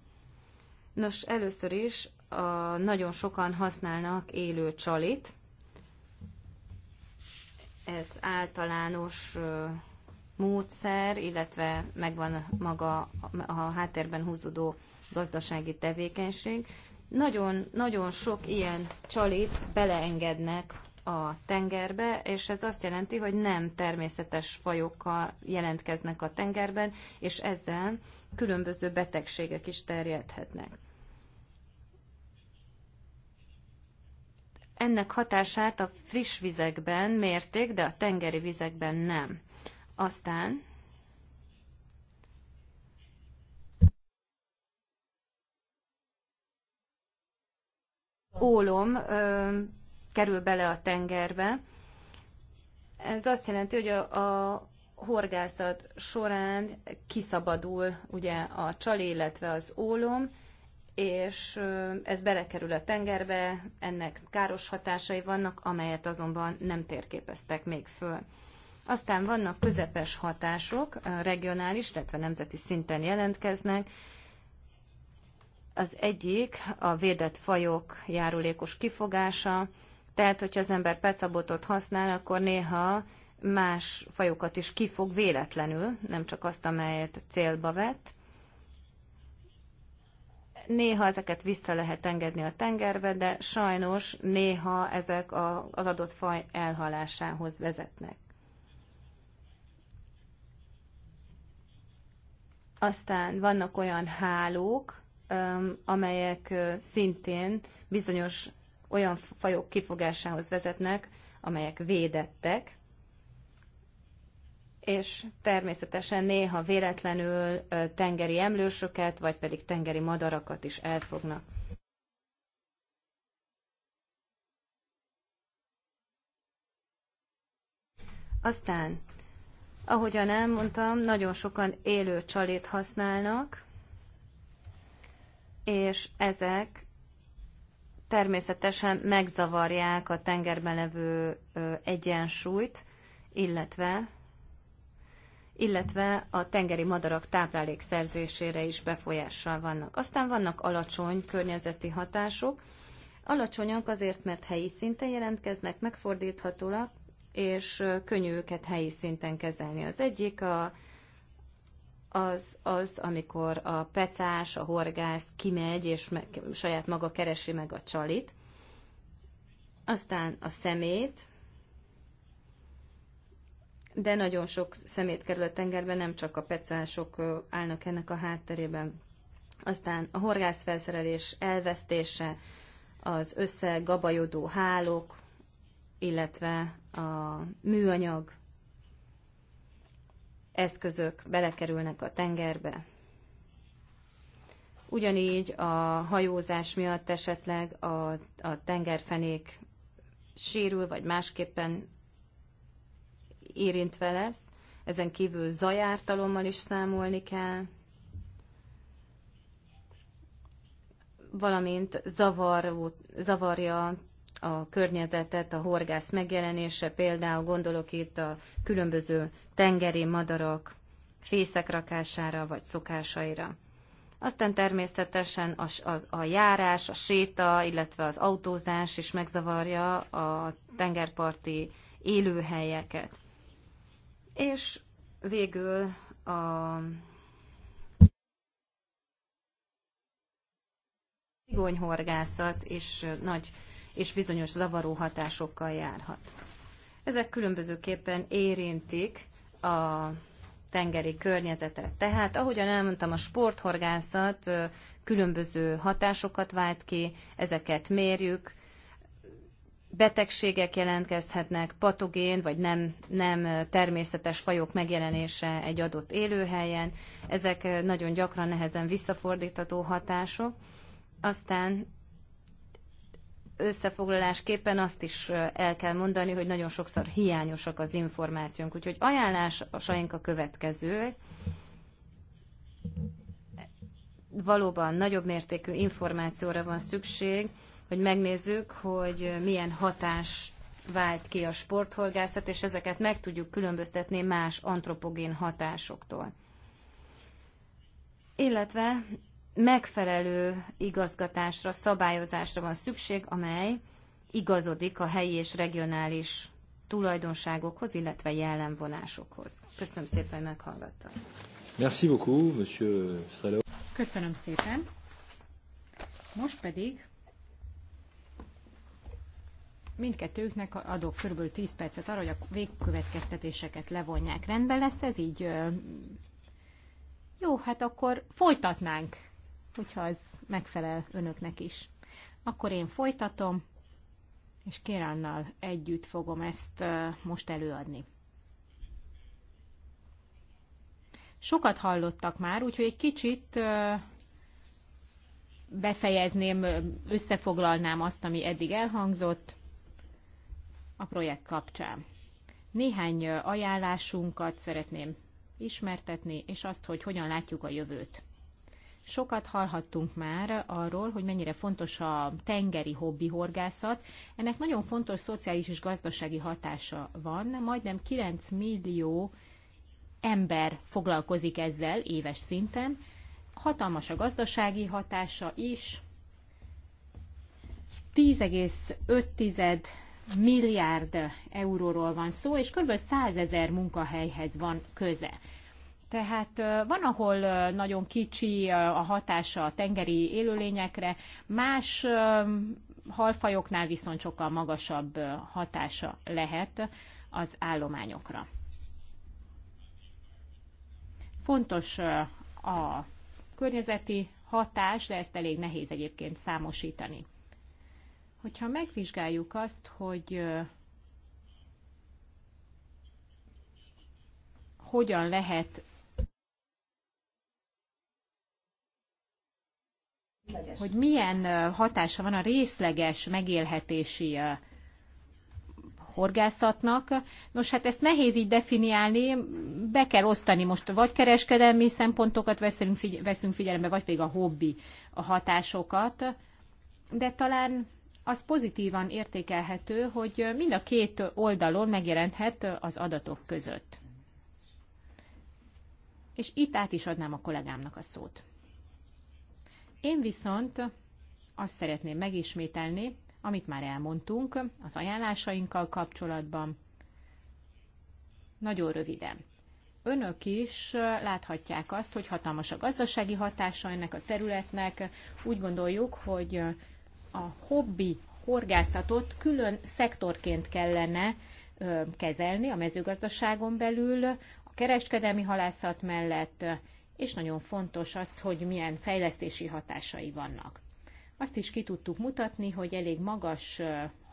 S2: Nos, először is a, nagyon sokan használnak élő csalit. Ez általános módszer, illetve megvan maga a háttérben húzódó gazdasági tevékenység. Nagyon-nagyon sok ilyen csalit beleengednek a tengerbe, és ez azt jelenti, hogy nem természetes fajokkal jelentkeznek a tengerben, és ezzel különböző betegségek is terjedhetnek. Ennek hatását a friss vizekben mérték, de a tengeri vizekben nem. Aztán ólom ö, kerül bele a tengerbe. Ez azt jelenti, hogy a, a horgászat során kiszabadul ugye a csal, illetve az ólom, és ez belekerül a tengerbe, ennek káros hatásai vannak, amelyet azonban nem térképeztek még föl. Aztán vannak közepes hatások, regionális, illetve nemzeti szinten jelentkeznek, az egyik a védett fajok járulékos kifogása, tehát hogyha az ember pecabotot használ, akkor néha más fajokat is kifog véletlenül, nem csak azt, amelyet célba vett. Néha ezeket vissza lehet engedni a tengerbe, de sajnos néha ezek a, az adott faj elhalásához vezetnek. Aztán vannak olyan hálók, amelyek szintén bizonyos olyan fajok kifogásához vezetnek, amelyek védettek, és természetesen néha véletlenül tengeri emlősöket, vagy pedig tengeri madarakat is elfognak. Aztán, ahogyan elmondtam, nagyon sokan élő csalét használnak, és ezek természetesen megzavarják a tengerben levő egyensúlyt, illetve illetve a tengeri madarak táplálék szerzésére is befolyással vannak. Aztán vannak alacsony környezeti hatások. Alacsonyak azért, mert helyi szinten jelentkeznek, megfordíthatóak, és könnyű őket helyi szinten kezelni. Az egyik a az, az, amikor a pecás, a horgász kimegy, és meg, saját maga keresi meg a csalit. Aztán a szemét, de nagyon sok szemét kerül a tengerbe, nem csak a pecások állnak ennek a hátterében. Aztán a horgászfelszerelés elvesztése, az összegabajodó hálók, illetve a műanyag eszközök belekerülnek a tengerbe. Ugyanígy a hajózás miatt esetleg a, a tengerfenék sérül, vagy másképpen érintve lesz. Ezen kívül zajártalommal is számolni kell, valamint zavaró, zavarja a környezetet, a horgász megjelenése, például gondolok itt a különböző tengeri madarak fészek rakására vagy szokásaira. Aztán természetesen a, az, a járás, a séta, illetve az autózás is megzavarja a tengerparti élőhelyeket. És végül a cigonyhorgászat is nagy és bizonyos zavaró hatásokkal járhat. Ezek különbözőképpen érintik a tengeri környezetet. Tehát, ahogyan elmondtam, a sporthorgászat különböző hatásokat vált ki, ezeket mérjük, betegségek jelentkezhetnek, patogén vagy nem, nem természetes fajok megjelenése egy adott élőhelyen. Ezek nagyon gyakran nehezen visszafordítható hatások. Aztán összefoglalásképpen azt is el kell mondani, hogy nagyon sokszor hiányosak az információnk. Úgyhogy ajánlásaink a következő. Valóban nagyobb mértékű információra van szükség, hogy megnézzük, hogy milyen hatás vált ki a sporthorgászat, és ezeket meg tudjuk különböztetni más antropogén hatásoktól. Illetve megfelelő igazgatásra, szabályozásra van szükség, amely igazodik a helyi és regionális tulajdonságokhoz, illetve jellemvonásokhoz. Köszönöm szépen, hogy meghallgattam.
S1: Merci beaucoup, monsieur Strello.
S3: Köszönöm szépen. Most pedig mindkettőknek adok kb. 10 percet arra, hogy a végkövetkeztetéseket levonják. Rendben lesz ez így? Jó, hát akkor folytatnánk hogyha ez megfelel önöknek is. Akkor én folytatom, és Kéránnal együtt fogom ezt most előadni. Sokat hallottak már, úgyhogy egy kicsit befejezném, összefoglalnám azt, ami eddig elhangzott a projekt kapcsán. Néhány ajánlásunkat szeretném ismertetni, és azt, hogy hogyan látjuk a jövőt. Sokat hallhattunk már arról, hogy mennyire fontos a tengeri hobbi horgászat. Ennek nagyon fontos szociális és gazdasági hatása van. Majdnem 9 millió ember foglalkozik ezzel éves szinten. Hatalmas a gazdasági hatása is. 10,5 milliárd euróról van szó, és kb. 100 ezer munkahelyhez van köze. Tehát van, ahol nagyon kicsi a hatása a tengeri élőlényekre, más halfajoknál viszont sokkal magasabb hatása lehet az állományokra. Fontos a környezeti hatás, de ezt elég nehéz egyébként számosítani. Hogyha megvizsgáljuk azt, hogy hogyan lehet hogy milyen hatása van a részleges megélhetési horgászatnak. Nos, hát ezt nehéz így definiálni, be kell osztani most, vagy kereskedelmi szempontokat veszünk, figy- veszünk figyelembe, vagy pedig a hobbi a hatásokat, de talán az pozitívan értékelhető, hogy mind a két oldalon megjelenthet az adatok között. És itt át is adnám a kollégámnak a szót. Én viszont azt szeretném megismételni, amit már elmondtunk az ajánlásainkkal kapcsolatban. Nagyon röviden. Önök is láthatják azt, hogy hatalmas a gazdasági hatása ennek a területnek. Úgy gondoljuk, hogy a hobbi horgászatot külön szektorként kellene kezelni a mezőgazdaságon belül, a kereskedelmi halászat mellett, és nagyon fontos az, hogy milyen fejlesztési hatásai vannak. Azt is ki tudtuk mutatni, hogy elég magas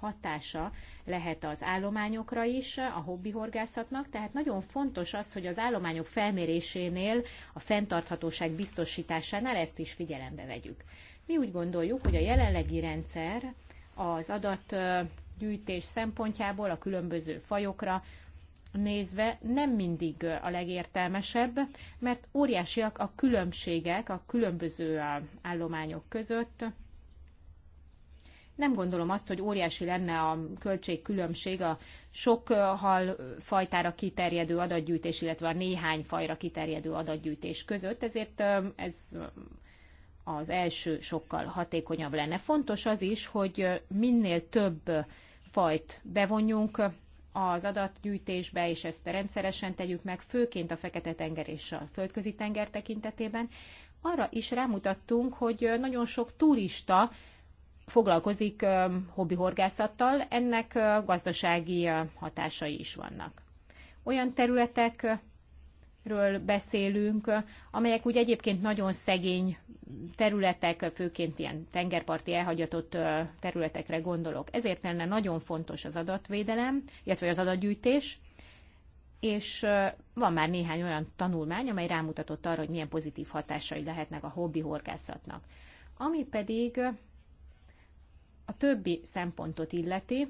S3: hatása lehet az állományokra is, a hobbi horgászatnak, tehát nagyon fontos az, hogy az állományok felmérésénél, a fenntarthatóság biztosításánál ezt is figyelembe vegyük. Mi úgy gondoljuk, hogy a jelenlegi rendszer az adatgyűjtés szempontjából a különböző fajokra nézve nem mindig a legértelmesebb, mert óriásiak a különbségek a különböző állományok között. Nem gondolom azt, hogy óriási lenne a költségkülönbség a sok hal fajtára kiterjedő adatgyűjtés, illetve a néhány fajra kiterjedő adatgyűjtés között, ezért ez az első sokkal hatékonyabb lenne. Fontos az is, hogy minél több fajt bevonjunk az adatgyűjtésbe, és ezt rendszeresen tegyük meg, főként a Fekete-tenger és a Földközi-tenger tekintetében. Arra is rámutattunk, hogy nagyon sok turista foglalkozik hobbihorgászattal, ennek gazdasági hatásai is vannak. Olyan területek, ről beszélünk, amelyek úgy egyébként nagyon szegény területek, főként ilyen tengerparti elhagyatott területekre gondolok. Ezért lenne nagyon fontos az adatvédelem, illetve az adatgyűjtés, és van már néhány olyan tanulmány, amely rámutatott arra, hogy milyen pozitív hatásai lehetnek a hobbi horgászatnak. Ami pedig a többi szempontot illeti,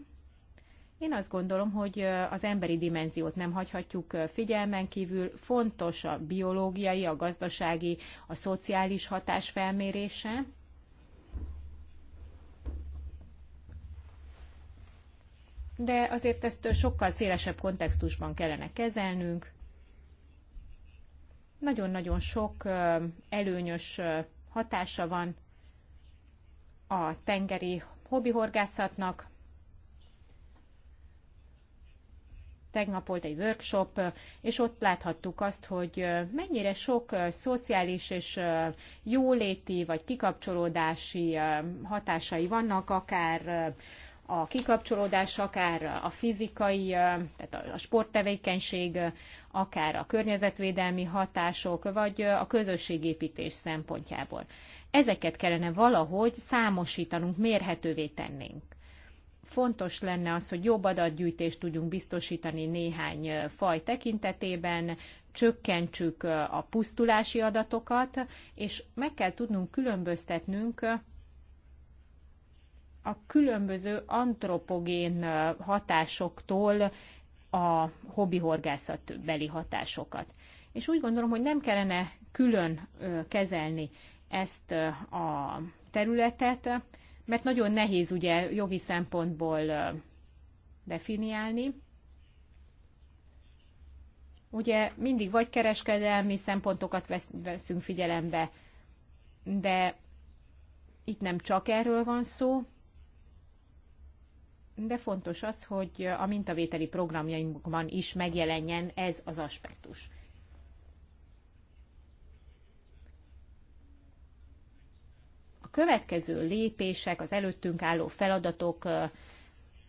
S3: én azt gondolom, hogy az emberi dimenziót nem hagyhatjuk figyelmen kívül. Fontos a biológiai, a gazdasági, a szociális hatás felmérése. De azért ezt sokkal szélesebb kontextusban kellene kezelnünk. Nagyon-nagyon sok előnyös hatása van a tengeri hobbihorgászatnak, tegnap volt egy workshop, és ott láthattuk azt, hogy mennyire sok szociális és jóléti vagy kikapcsolódási hatásai vannak, akár a kikapcsolódás, akár a fizikai, tehát a sporttevékenység, akár a környezetvédelmi hatások, vagy a közösségépítés szempontjából. Ezeket kellene valahogy számosítanunk, mérhetővé tennénk fontos lenne az, hogy jobb adatgyűjtést tudjunk biztosítani néhány faj tekintetében, csökkentsük a pusztulási adatokat, és meg kell tudnunk különböztetnünk a különböző antropogén hatásoktól a hobbihorgászatbeli hatásokat. És úgy gondolom, hogy nem kellene külön kezelni ezt a területet, mert nagyon nehéz ugye jogi szempontból definiálni. Ugye mindig vagy kereskedelmi szempontokat veszünk figyelembe, de itt nem csak erről van szó, de fontos az, hogy a mintavételi programjainkban is megjelenjen ez az aspektus. következő lépések, az előttünk álló feladatok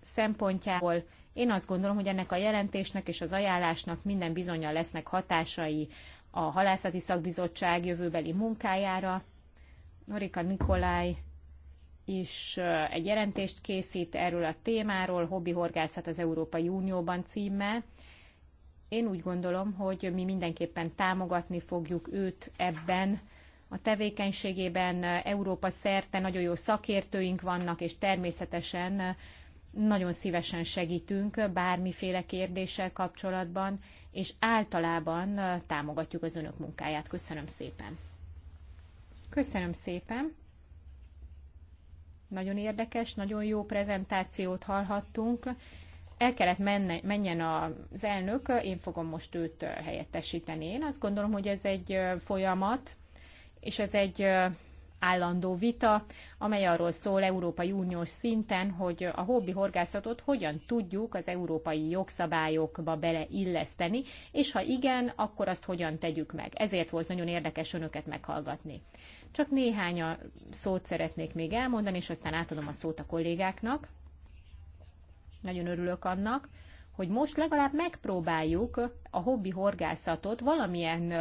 S3: szempontjából én azt gondolom, hogy ennek a jelentésnek és az ajánlásnak minden bizonyal lesznek hatásai a Halászati Szakbizottság jövőbeli munkájára. Norika Nikolaj is egy jelentést készít erről a témáról, Hobbi Horgászat az Európai Unióban címmel. Én úgy gondolom, hogy mi mindenképpen támogatni fogjuk őt ebben a tevékenységében Európa szerte nagyon jó szakértőink vannak, és természetesen nagyon szívesen segítünk bármiféle kérdéssel kapcsolatban, és általában támogatjuk az önök munkáját. Köszönöm szépen! Köszönöm szépen! Nagyon érdekes, nagyon jó prezentációt hallhattunk. El kellett menne, menjen az elnök, én fogom most őt helyettesíteni. Én azt gondolom, hogy ez egy folyamat, és ez egy állandó vita, amely arról szól Európai Uniós szinten, hogy a hobbi horgászatot hogyan tudjuk az európai jogszabályokba beleilleszteni, és ha igen, akkor azt hogyan tegyük meg. Ezért volt nagyon érdekes önöket meghallgatni. Csak néhány szót szeretnék még elmondani, és aztán átadom a szót a kollégáknak. Nagyon örülök annak, hogy most legalább megpróbáljuk a hobbi horgászatot valamilyen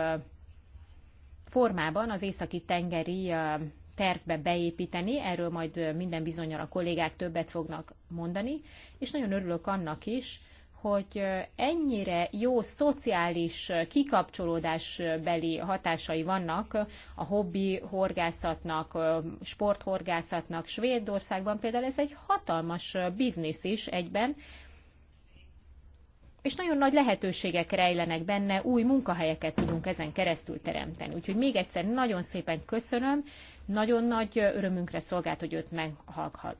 S3: formában az északi tengeri tervbe beépíteni, erről majd minden bizonyal a kollégák többet fognak mondani, és nagyon örülök annak is, hogy ennyire jó szociális kikapcsolódásbeli hatásai vannak a hobbi horgászatnak, sporthorgászatnak. Svédországban például ez egy hatalmas biznisz is egyben, és nagyon nagy lehetőségek rejlenek benne, új munkahelyeket tudunk ezen keresztül teremteni. Úgyhogy még egyszer nagyon szépen köszönöm, nagyon nagy örömünkre szolgált, hogy őt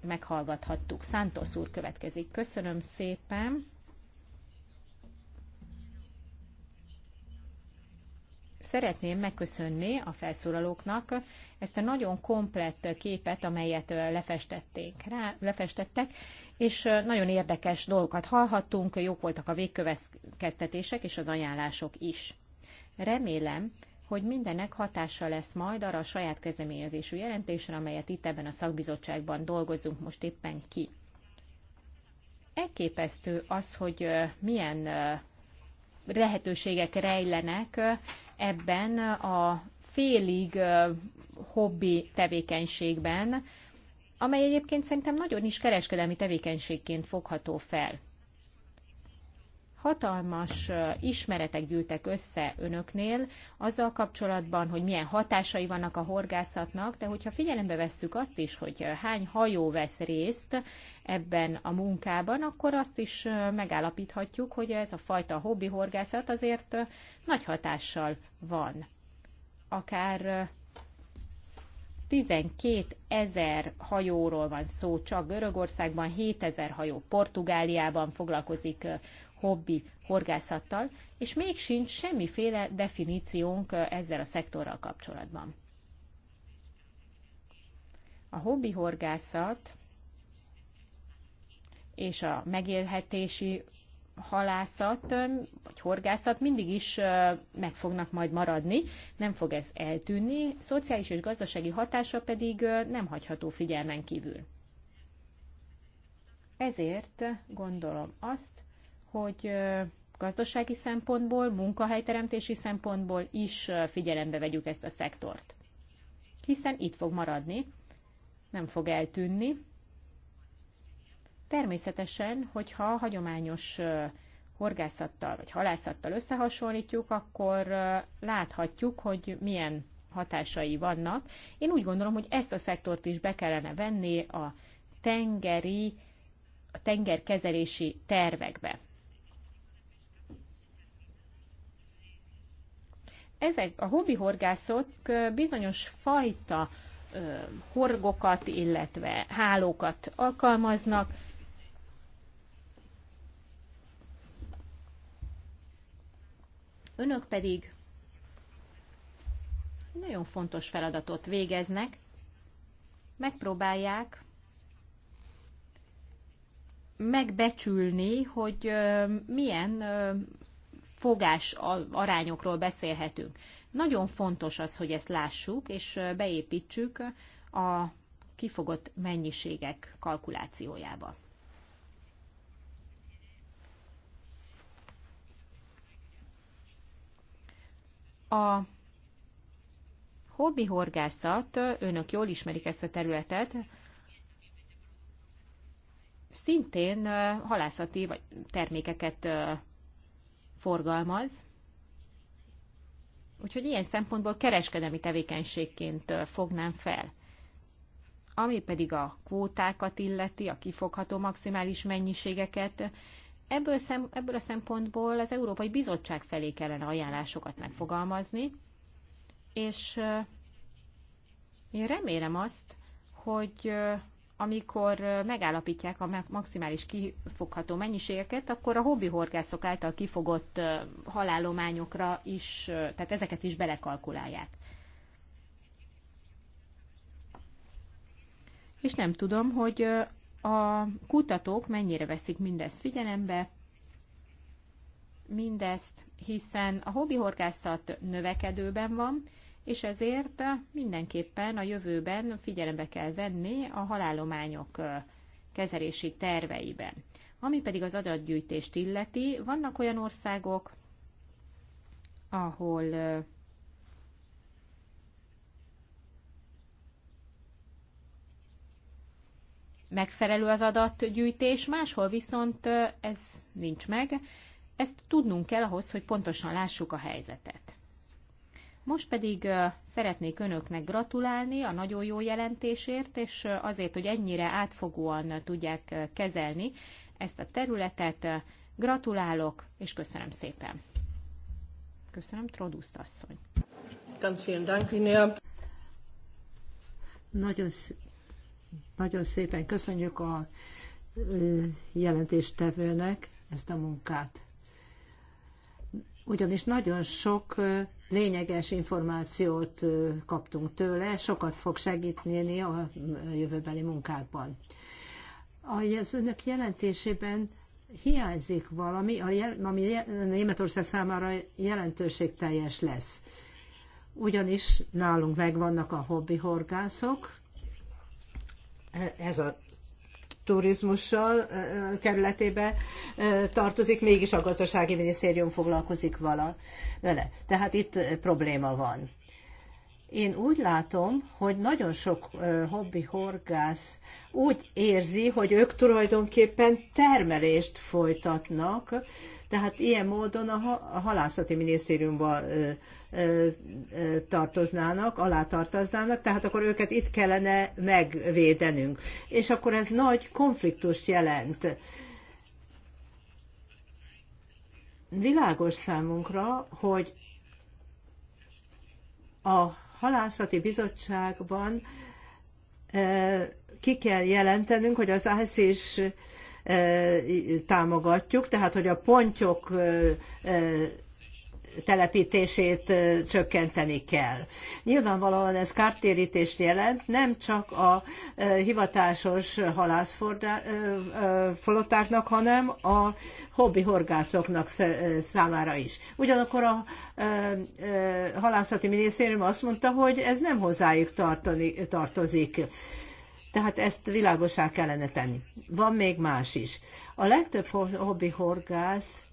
S3: meghallgathattuk. Szántos úr következik. Köszönöm szépen. szeretném megköszönni a felszólalóknak ezt a nagyon komplett képet, amelyet lefestették, rá, lefestettek, és nagyon érdekes dolgokat hallhattunk, jók voltak a végkövetkeztetések és az ajánlások is. Remélem, hogy mindennek hatása lesz majd arra a saját kezdeményezésű jelentésre, amelyet itt ebben a szakbizottságban dolgozunk most éppen ki. Elképesztő az, hogy milyen lehetőségek rejlenek ebben a félig hobbi tevékenységben, amely egyébként szerintem nagyon is kereskedelmi tevékenységként fogható fel. Hatalmas ismeretek gyűltek össze önöknél azzal kapcsolatban, hogy milyen hatásai vannak a horgászatnak, de hogyha figyelembe vesszük azt is, hogy hány hajó vesz részt ebben a munkában, akkor azt is megállapíthatjuk, hogy ez a fajta hobbi horgászat azért nagy hatással van. Akár 12 ezer hajóról van szó csak Görögországban, 7 ezer hajó Portugáliában foglalkozik hobbi horgászattal, és még sincs semmiféle definíciónk ezzel a szektorral kapcsolatban. A hobbi horgászat és a megélhetési halászat vagy horgászat mindig is meg fognak majd maradni, nem fog ez eltűnni, szociális és gazdasági hatása pedig nem hagyható figyelmen kívül. Ezért gondolom azt, hogy gazdasági szempontból, munkahelyteremtési szempontból is figyelembe vegyük ezt a szektort. Hiszen itt fog maradni, nem fog eltűnni, Természetesen, hogyha hagyományos horgászattal vagy halászattal összehasonlítjuk, akkor láthatjuk, hogy milyen hatásai vannak. Én úgy gondolom, hogy ezt a szektort is be kellene venni a tengeri, a tengerkezelési tervekbe. Ezek a hobbi horgászok bizonyos fajta horgokat, illetve hálókat alkalmaznak, Önök pedig nagyon fontos feladatot végeznek, megpróbálják megbecsülni, hogy milyen fogás arányokról beszélhetünk. Nagyon fontos az, hogy ezt lássuk, és beépítsük a kifogott mennyiségek kalkulációjába. A hobbi horgászat, önök jól ismerik ezt a területet, szintén halászati vagy termékeket forgalmaz, úgyhogy ilyen szempontból kereskedelmi tevékenységként fognám fel. Ami pedig a kvótákat illeti, a kifogható maximális mennyiségeket, Ebből, szem, ebből a szempontból az Európai Bizottság felé kellene ajánlásokat megfogalmazni, és én remélem azt, hogy amikor megállapítják a maximális kifogható mennyiségeket, akkor a hobbi horgászok által kifogott halálományokra is, tehát ezeket is belekalkulálják. És nem tudom, hogy a kutatók mennyire veszik mindezt figyelembe, mindezt, hiszen a hobbi horgászat növekedőben van, és ezért mindenképpen a jövőben figyelembe kell venni a halálományok kezelési terveiben. Ami pedig az adatgyűjtést illeti, vannak olyan országok, ahol megfelelő az adatgyűjtés, máshol viszont ez nincs meg. Ezt tudnunk kell ahhoz, hogy pontosan lássuk a helyzetet. Most pedig szeretnék önöknek gratulálni a nagyon jó jelentésért, és azért, hogy ennyire átfogóan tudják kezelni ezt a területet. Gratulálok, és köszönöm szépen. Köszönöm, Troduszt asszony. Ganz vielen
S1: Dank, Linnea. Nagyon nagyon szépen köszönjük a jelentéstevőnek ezt a munkát. Ugyanis nagyon sok lényeges információt kaptunk tőle, sokat fog segíteni a jövőbeli munkákban. Az önök jelentésében hiányzik valami, ami Németország számára jelentőségteljes lesz. Ugyanis nálunk megvannak a hobbi horgászok, ez a turizmussal kerületébe tartozik, mégis a gazdasági minisztérium foglalkozik vala, vele. Tehát itt probléma van. Én úgy látom, hogy nagyon sok hobbi horgász úgy érzi, hogy ők tulajdonképpen termelést folytatnak, tehát ilyen módon a halászati minisztériumba tartoznának, alá tartoznának, tehát akkor őket itt kellene megvédenünk. És akkor ez nagy konfliktust jelent világos számunkra, hogy a halászati bizottságban ki kell jelentenünk, hogy az ICE is támogatjuk, tehát hogy a pontyok telepítését csökkenteni kell. Nyilvánvalóan ez kártérítést jelent, nem csak a hivatásos halászflottáknak, hanem a hobbi horgászoknak számára is. Ugyanakkor a halászati minisztérium azt mondta, hogy ez nem hozzájuk tartani, tartozik. Tehát ezt világosá kellene tenni. Van még más is. A legtöbb hobbi horgász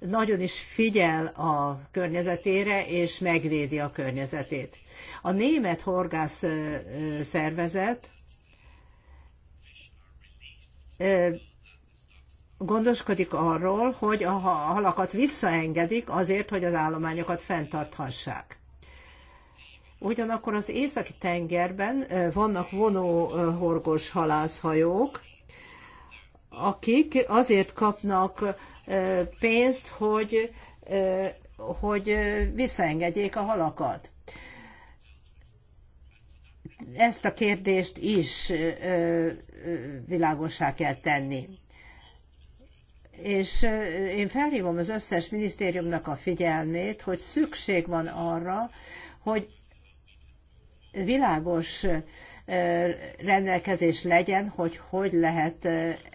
S1: nagyon is figyel a környezetére, és megvédi a környezetét. A német horgász szervezet gondoskodik arról, hogy a halakat visszaengedik azért, hogy az állományokat fenntarthassák. Ugyanakkor az északi tengerben vannak vonóhorgos halászhajók, akik azért kapnak pénzt, hogy, hogy visszaengedjék a halakat. Ezt a kérdést is világosá kell tenni. És én felhívom az összes minisztériumnak a figyelmét, hogy szükség van arra, hogy világos rendelkezés legyen, hogy hogy lehet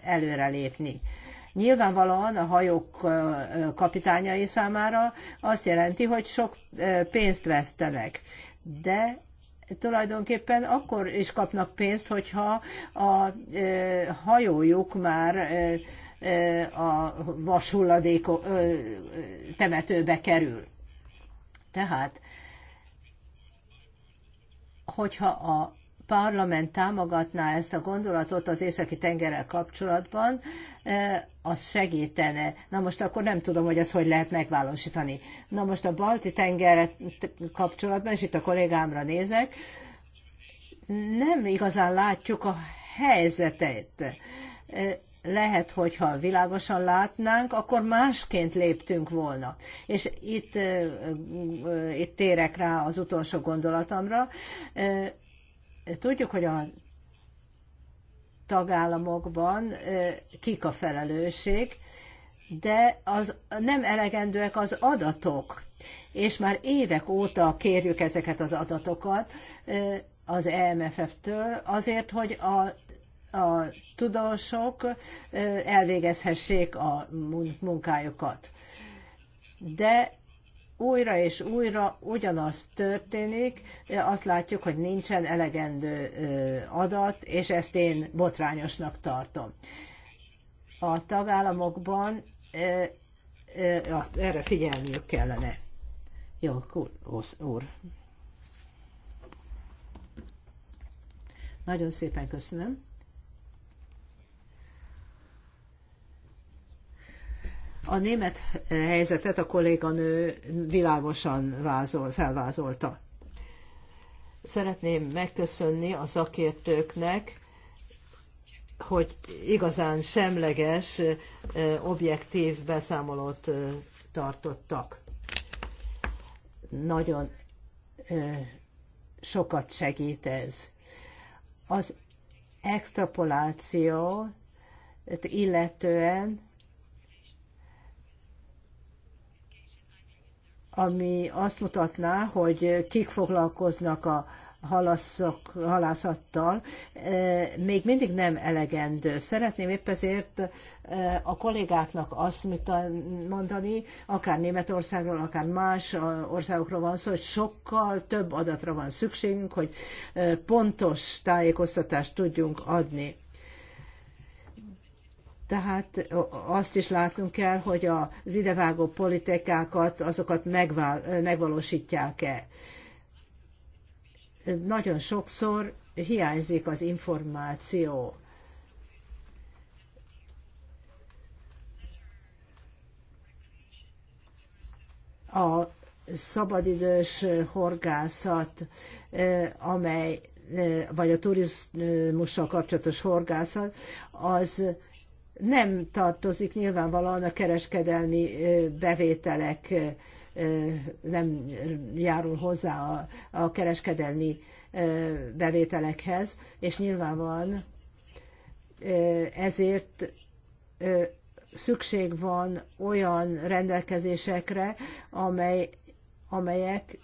S1: előrelépni. Nyilvánvalóan a hajók kapitányai számára azt jelenti, hogy sok pénzt vesztenek. De tulajdonképpen akkor is kapnak pénzt, hogyha a hajójuk már a vashulladék temetőbe kerül. Tehát, hogyha a parlament támogatná ezt a gondolatot az északi tengerrel kapcsolatban, az segítene. Na most akkor nem tudom, hogy ezt hogy lehet megvalósítani. Na most a balti tengerrel kapcsolatban, és itt a kollégámra nézek, nem igazán látjuk a helyzetet lehet, hogyha világosan látnánk, akkor másként léptünk volna. És itt, itt térek rá az utolsó gondolatomra. Tudjuk, hogy a tagállamokban kik a felelősség, de az nem elegendőek az adatok, és már évek óta kérjük ezeket az adatokat az EMFF-től azért, hogy a, a tudósok elvégezhessék a munkájukat. De újra és újra ugyanaz történik, azt látjuk, hogy nincsen elegendő adat, és ezt én botrányosnak tartom. A tagállamokban erre figyelniük kellene. Jó, cool, úr. Nagyon szépen köszönöm. A német helyzetet a kolléganő világosan vázol, felvázolta. Szeretném megköszönni a szakértőknek, hogy igazán semleges, objektív beszámolót tartottak. Nagyon sokat segít ez. Az extrapoláció illetően ami azt mutatná, hogy kik foglalkoznak a halaszok, halászattal, e, még mindig nem elegendő. Szeretném épp ezért e, a kollégáknak azt mondani, akár Németországról, akár más országokról van szó, hogy sokkal több adatra van szükségünk, hogy e, pontos tájékoztatást tudjunk adni tehát azt is látnunk kell, hogy az idevágó politikákat, azokat megvál, megvalósítják-e. Nagyon sokszor hiányzik az információ. A szabadidős horgászat, amely, vagy a turizmussal kapcsolatos horgászat, az nem tartozik nyilvánvalóan a kereskedelmi bevételek, nem járul hozzá a, a kereskedelmi bevételekhez, és nyilvánvalóan ezért szükség van olyan rendelkezésekre, amely, amelyek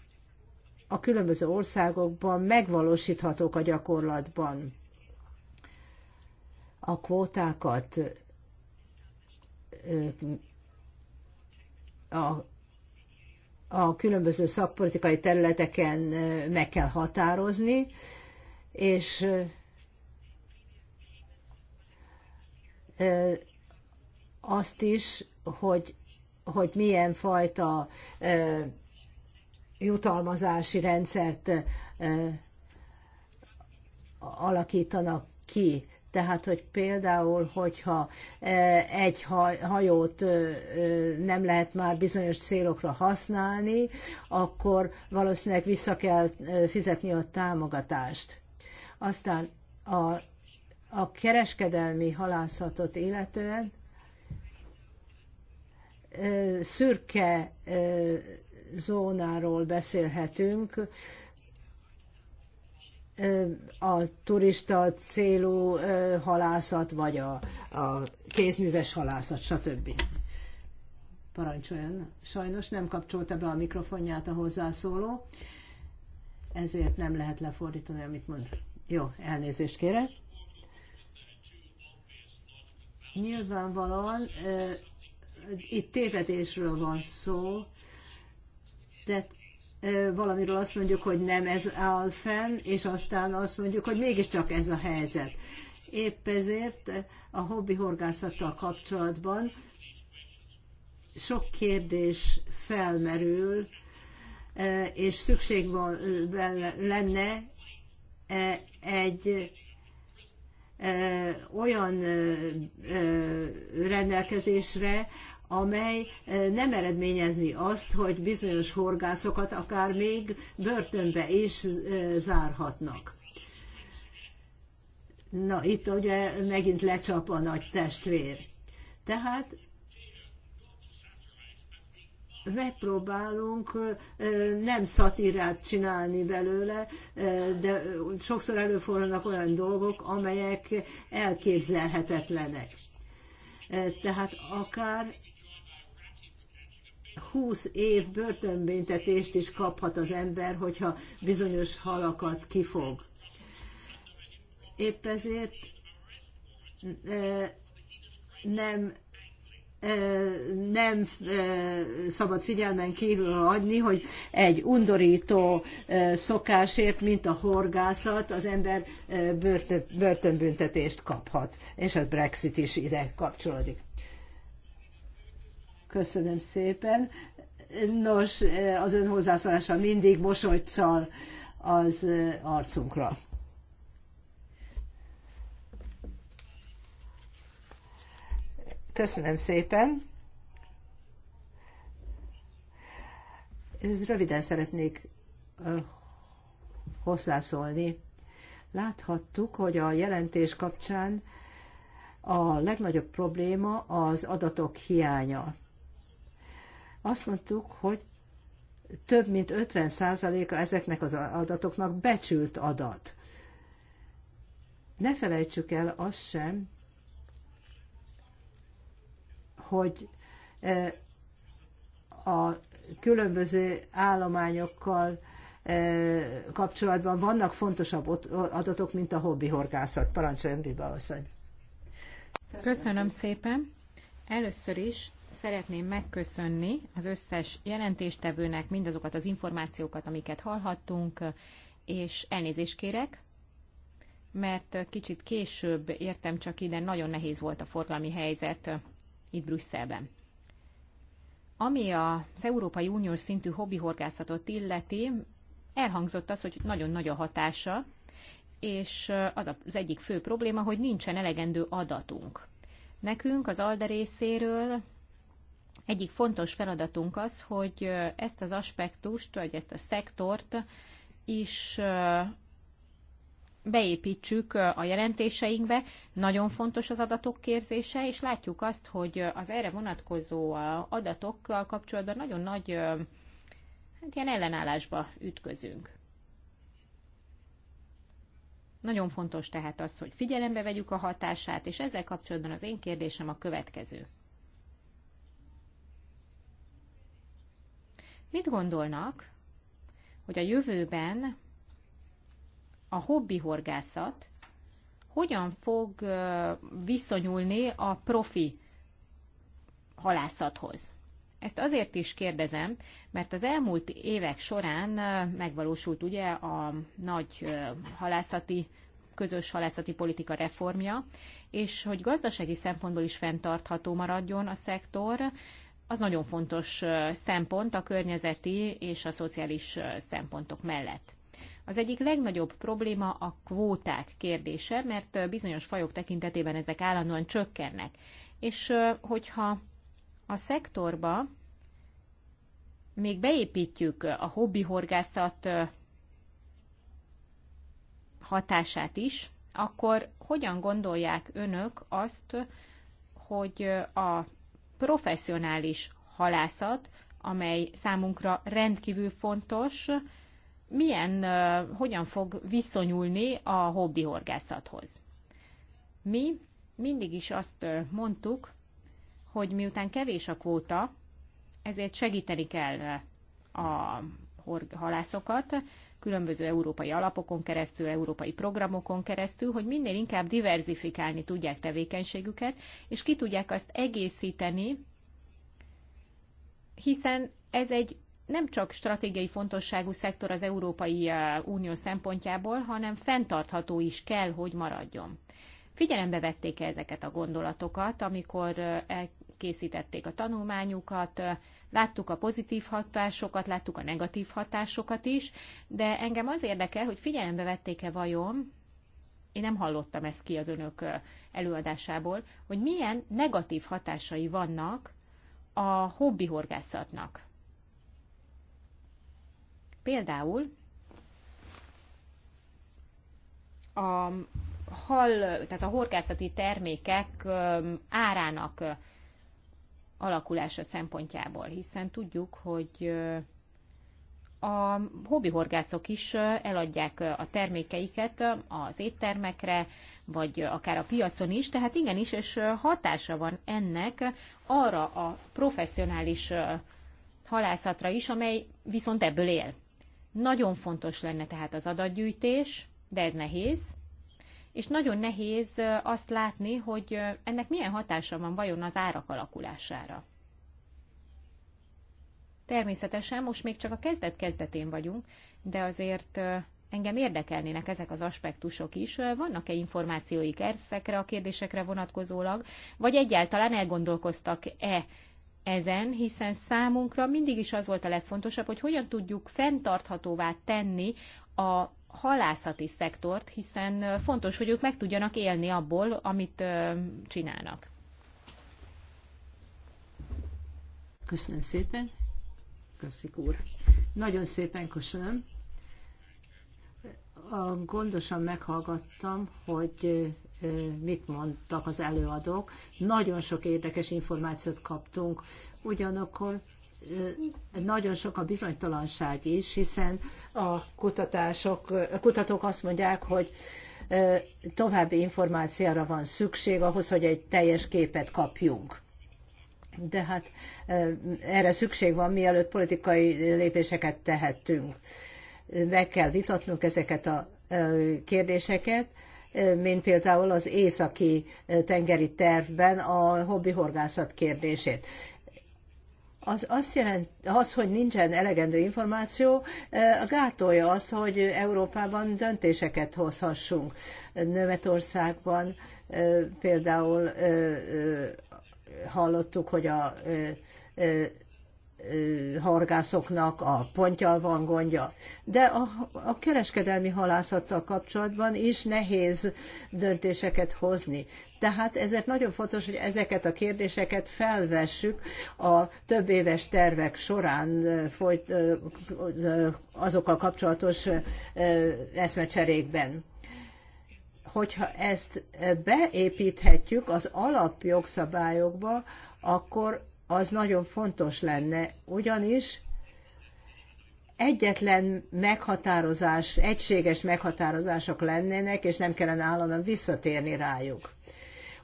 S1: a különböző országokban megvalósíthatók a gyakorlatban. A kvótákat a, a különböző szakpolitikai területeken meg kell határozni, és azt is, hogy, hogy milyen fajta jutalmazási rendszert alakítanak ki. Tehát, hogy például, hogyha e, egy hajót e, e, nem lehet már bizonyos célokra használni, akkor valószínűleg vissza kell fizetni a támogatást. Aztán a, a kereskedelmi halászatot illetően szürke zónáról beszélhetünk, a turista célú halászat, vagy a, a kézműves halászat, stb. Parancsoljon. Sajnos nem kapcsolta be a mikrofonját a hozzászóló, ezért nem lehet lefordítani, amit mond. Jó, elnézést kérek. Nyilvánvalóan itt tévedésről van szó, de valamiről azt mondjuk, hogy nem ez áll fenn, és aztán azt mondjuk, hogy mégiscsak ez a helyzet. Épp ezért a hobbi horgászattal kapcsolatban sok kérdés felmerül, és szükség van, lenne egy olyan rendelkezésre, amely eh, nem eredményezi azt, hogy bizonyos horgászokat akár még börtönbe is eh, zárhatnak. Na, itt ugye megint lecsap a nagy testvér. Tehát megpróbálunk eh, nem szatirát csinálni belőle, de sokszor előfordulnak olyan dolgok, amelyek elképzelhetetlenek. Tehát akár 20 év börtönbüntetést is kaphat az ember, hogyha bizonyos halakat kifog. Épp ezért nem nem szabad figyelmen kívül adni, hogy egy undorító szokásért, mint a horgászat, az ember börtönbüntetést kaphat. És a Brexit is ide kapcsolódik. Köszönöm szépen. Nos, eh, az ön hozzászólása mindig mosolyt szal az eh, arcunkra. Köszönöm szépen. Ez röviden szeretnék eh, hozzászólni. Láthattuk, hogy a jelentés kapcsán a legnagyobb probléma az adatok hiánya. Azt mondtuk, hogy több mint 50%-a ezeknek az adatoknak becsült adat. Ne felejtsük el azt sem, hogy e, a különböző állományokkal e, kapcsolatban vannak fontosabb adatok, mint a hobbi horgászat. Parancsoljon, Biba asszony!
S3: Köszönöm szépen! Először is szeretném megköszönni az összes jelentéstevőnek mindazokat az információkat, amiket hallhattunk, és elnézést kérek, mert kicsit később értem csak ide, nagyon nehéz volt a forgalmi helyzet itt Brüsszelben. Ami az Európai Uniós szintű hobbihorgászatot illeti, elhangzott az, hogy nagyon nagy a hatása, és az az egyik fő probléma, hogy nincsen elegendő adatunk. Nekünk az ALDE részéről egyik fontos feladatunk az, hogy ezt az aspektust, vagy ezt a szektort is beépítsük a jelentéseinkbe. Nagyon fontos az adatok kérzése, és látjuk azt, hogy az erre vonatkozó adatokkal kapcsolatban nagyon nagy hát ilyen ellenállásba ütközünk. Nagyon fontos tehát az, hogy figyelembe vegyük a hatását, és ezzel kapcsolatban az én kérdésem a következő. Mit gondolnak, hogy a jövőben a hobbi horgászat hogyan fog viszonyulni a profi halászathoz? Ezt azért is kérdezem, mert az elmúlt évek során megvalósult ugye a nagy halászati közös halászati politika reformja, és hogy gazdasági szempontból is fenntartható maradjon a szektor, az nagyon fontos szempont a környezeti és a szociális szempontok mellett. Az egyik legnagyobb probléma a kvóták kérdése, mert bizonyos fajok tekintetében ezek állandóan csökkennek. És hogyha a szektorba még beépítjük a hobbi horgászat hatását is, akkor hogyan gondolják önök azt, hogy a professzionális halászat, amely számunkra rendkívül fontos, milyen, hogyan fog viszonyulni a hobbi horgászathoz. Mi mindig is azt mondtuk, hogy miután kevés a kvóta, ezért segíteni kell a halászokat, különböző európai alapokon keresztül, európai programokon keresztül, hogy minél inkább diverzifikálni tudják tevékenységüket, és ki tudják azt egészíteni, hiszen ez egy nem csak stratégiai fontosságú szektor az Európai uh, Unió szempontjából, hanem fenntartható is kell, hogy maradjon. Figyelembe vették -e ezeket a gondolatokat, amikor uh, elkészítették a tanulmányukat, uh, Láttuk a pozitív hatásokat, láttuk a negatív hatásokat is, de engem az érdekel, hogy figyelembe vették-e vajon, én nem hallottam ezt ki az önök előadásából, hogy milyen negatív hatásai vannak a hobbi horgászatnak. Például a hal, tehát a horgászati termékek árának alakulása szempontjából, hiszen tudjuk, hogy a hobbihorgászok is eladják a termékeiket az éttermekre, vagy akár a piacon is, tehát igenis, és hatása van ennek arra a professzionális halászatra is, amely viszont ebből él. Nagyon fontos lenne tehát az adatgyűjtés, de ez nehéz, és nagyon nehéz azt látni, hogy ennek milyen hatása van vajon az árak alakulására. Természetesen most még csak a kezdet-kezdetén vagyunk, de azért engem érdekelnének ezek az aspektusok is. Vannak-e információik erszekre a kérdésekre vonatkozólag, vagy egyáltalán elgondolkoztak-e ezen, hiszen számunkra mindig is az volt a legfontosabb, hogy hogyan tudjuk fenntarthatóvá tenni a halászati szektort, hiszen fontos, hogy ők meg tudjanak élni abból, amit csinálnak.
S1: Köszönöm szépen. Köszik úr. Nagyon szépen köszönöm. Gondosan meghallgattam, hogy mit mondtak az előadók. Nagyon sok érdekes információt kaptunk. Ugyanakkor nagyon sok a bizonytalanság is, hiszen a kutatások, a kutatók azt mondják, hogy további információra van szükség ahhoz, hogy egy teljes képet kapjunk. De hát erre szükség van, mielőtt politikai lépéseket tehetünk. Meg kell vitatnunk ezeket a kérdéseket, mint például az északi tengeri tervben a hobbi horgászat kérdését az azt jelent, az, hogy nincsen elegendő információ, a gátolja az, hogy Európában döntéseket hozhassunk. Németországban például hallottuk, hogy a horgászoknak a pontjal van gondja. De a, a kereskedelmi halászattal kapcsolatban is nehéz döntéseket hozni. Tehát ezért nagyon fontos, hogy ezeket a kérdéseket felvessük a több éves tervek során folyt, azokkal kapcsolatos eszmecserékben hogyha ezt beépíthetjük az alapjogszabályokba, akkor az nagyon fontos lenne, ugyanis egyetlen meghatározás, egységes meghatározások lennének, és nem kellene állandóan visszatérni rájuk.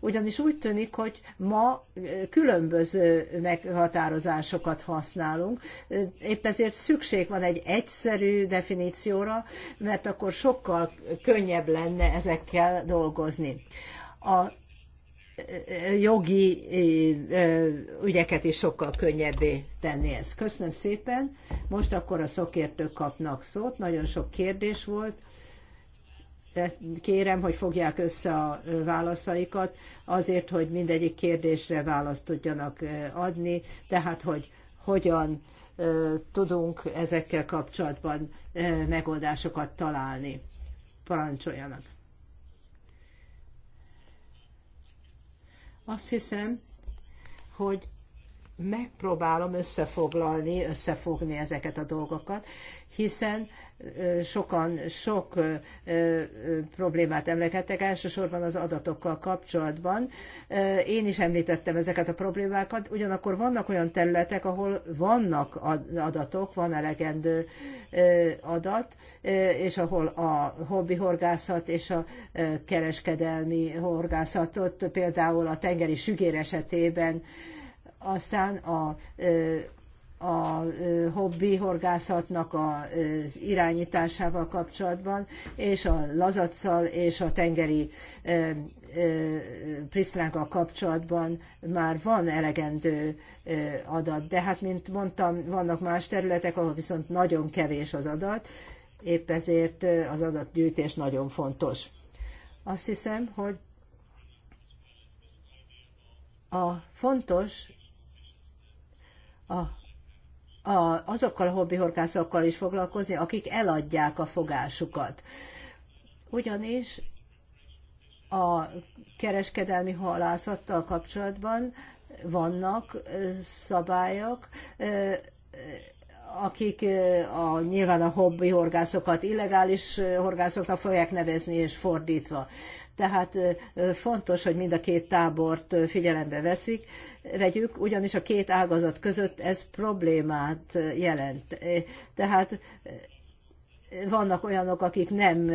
S1: Ugyanis úgy tűnik, hogy ma különböző meghatározásokat használunk, épp ezért szükség van egy egyszerű definícióra, mert akkor sokkal könnyebb lenne ezekkel dolgozni. A jogi ügyeket is sokkal könnyebbé tenni ez. Köszönöm szépen. Most akkor a szakértők kapnak szót. Nagyon sok kérdés volt. Kérem, hogy fogják össze a válaszaikat, azért, hogy mindegyik kérdésre választ tudjanak adni, tehát, hogy hogyan tudunk ezekkel kapcsolatban megoldásokat találni. Parancsoljanak! Azt hiszem, hogy megpróbálom összefoglalni, összefogni ezeket a dolgokat, hiszen sokan sok problémát emlékeztek, elsősorban az adatokkal kapcsolatban. Én is említettem ezeket a problémákat, ugyanakkor vannak olyan területek, ahol vannak adatok, van elegendő adat, és ahol a hobbi horgászat és a kereskedelmi horgászatot, például a tengeri sügér esetében aztán a, a hobbi horgászatnak az irányításával kapcsolatban, és a lazacsal és a tengeri Prisztránkkal kapcsolatban már van elegendő adat, de hát, mint mondtam, vannak más területek, ahol viszont nagyon kevés az adat, épp ezért az adatgyűjtés nagyon fontos. Azt hiszem, hogy a fontos a, a, azokkal a hobbihorgászokkal is foglalkozni, akik eladják a fogásukat. Ugyanis a kereskedelmi halászattal kapcsolatban vannak szabályok, akik a, nyilván a hobbi horgászokat illegális horgászoknak fogják nevezni, és fordítva. Tehát fontos, hogy mind a két tábort figyelembe veszik, vegyük, ugyanis a két ágazat között ez problémát jelent. Tehát vannak olyanok, akik nem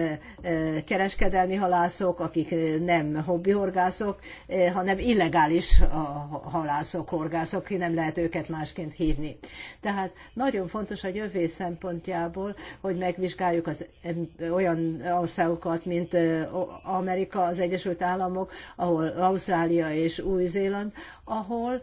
S1: kereskedelmi halászok, akik nem hobbihorgászok, hanem illegális halászok, horgászok, ki nem lehet őket másként hívni. Tehát nagyon fontos a jövő szempontjából, hogy megvizsgáljuk az olyan országokat, mint Amerika, az Egyesült Államok, ahol Ausztrália és Új-Zéland, ahol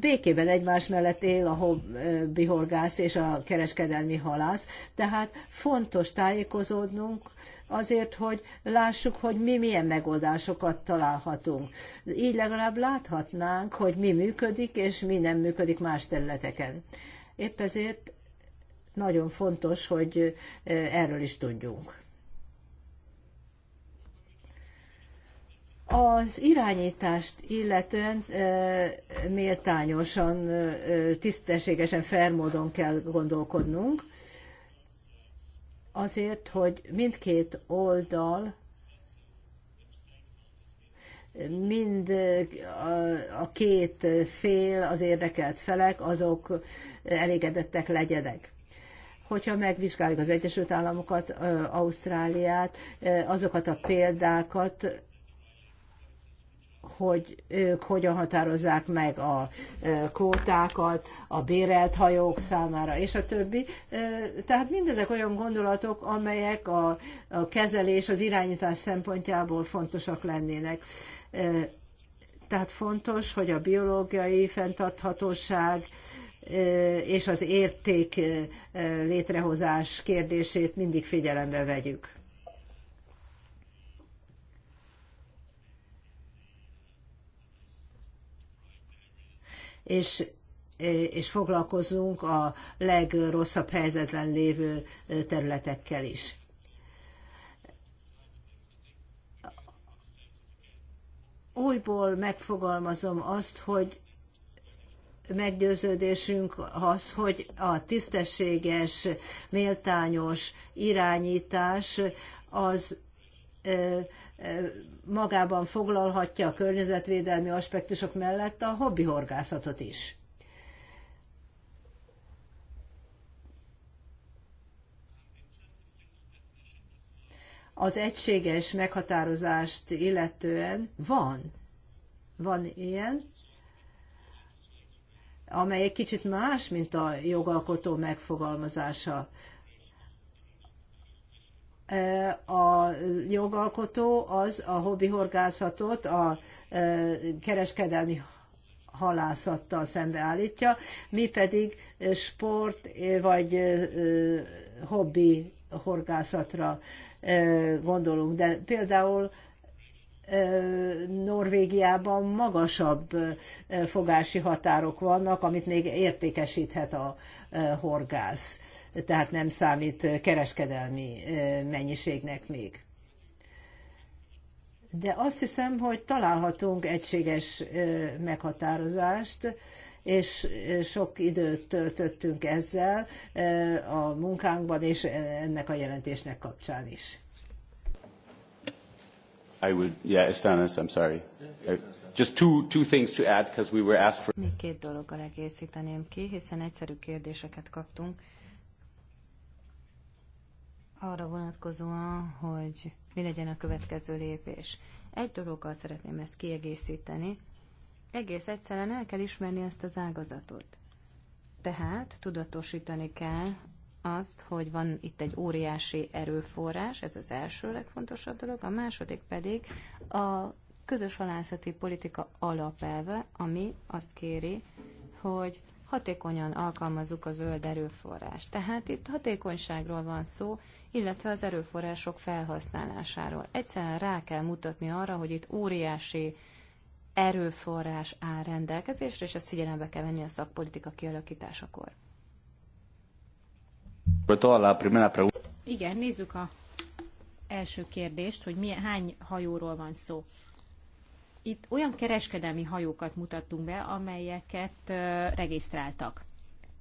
S1: békében egymás mellett él a hobbihorgász és a kereskedelmi halász. Tehát fontos tájékozódnunk azért, hogy lássuk, hogy mi milyen megoldásokat találhatunk. Így legalább láthatnánk, hogy mi működik, és mi nem működik más területeken. Épp ezért nagyon fontos, hogy erről is tudjunk. Az irányítást illetően méltányosan, tisztességesen, fermódon kell gondolkodnunk, azért, hogy mindkét oldal mind a két fél, az érdekelt felek, azok elégedettek legyenek hogyha megvizsgáljuk az Egyesült Államokat, Ausztráliát, azokat a példákat, hogy ők hogyan határozzák meg a kvótákat, a bérelt hajók számára, és a többi. Tehát mindezek olyan gondolatok, amelyek a, a kezelés, az irányítás szempontjából fontosak lennének. Tehát fontos, hogy a biológiai fenntarthatóság és az érték létrehozás kérdését mindig figyelembe vegyük. és és foglalkozunk a legrosszabb helyzetben lévő területekkel is. Újból megfogalmazom azt, hogy meggyőződésünk az, hogy a tisztességes, méltányos irányítás az magában foglalhatja a környezetvédelmi aspektusok mellett a hobbi horgászatot is. Az egységes meghatározást illetően van, van ilyen, amely egy kicsit más, mint a jogalkotó megfogalmazása a jogalkotó az a hobbi horgászatot a e, kereskedelmi halászattal szembeállítja, mi pedig sport e, vagy e, hobbi horgászatra gondolunk. De például Norvégiában magasabb fogási határok vannak, amit még értékesíthet a horgász tehát nem számít kereskedelmi mennyiségnek még. De azt hiszem, hogy találhatunk egységes meghatározást, és sok időt töltöttünk ezzel a munkánkban, és ennek a jelentésnek kapcsán is.
S2: I would, yeah, Estanis, I'm sorry. Uh, just two, two things to add, because we were asked for... Még
S1: két dologgal egészíteném
S2: ki, hiszen egyszerű kérdéseket kaptunk arra vonatkozóan, hogy mi legyen a következő lépés. Egy dologgal szeretném ezt kiegészíteni. Egész egyszerűen el kell ismerni ezt az ágazatot. Tehát tudatosítani kell azt, hogy van itt egy óriási erőforrás, ez az első legfontosabb dolog, a második pedig a közös halászati politika alapelve, ami azt kéri, hogy hatékonyan alkalmazzuk az zöld erőforrást. Tehát itt hatékonyságról van szó, illetve az erőforrások felhasználásáról. Egyszerűen rá kell mutatni arra, hogy itt óriási erőforrás áll rendelkezésre, és ezt figyelembe kell venni a szakpolitika
S3: kialakításakor. Igen, nézzük a első kérdést, hogy milyen, hány hajóról van szó itt olyan kereskedelmi hajókat mutattunk be, amelyeket regisztráltak.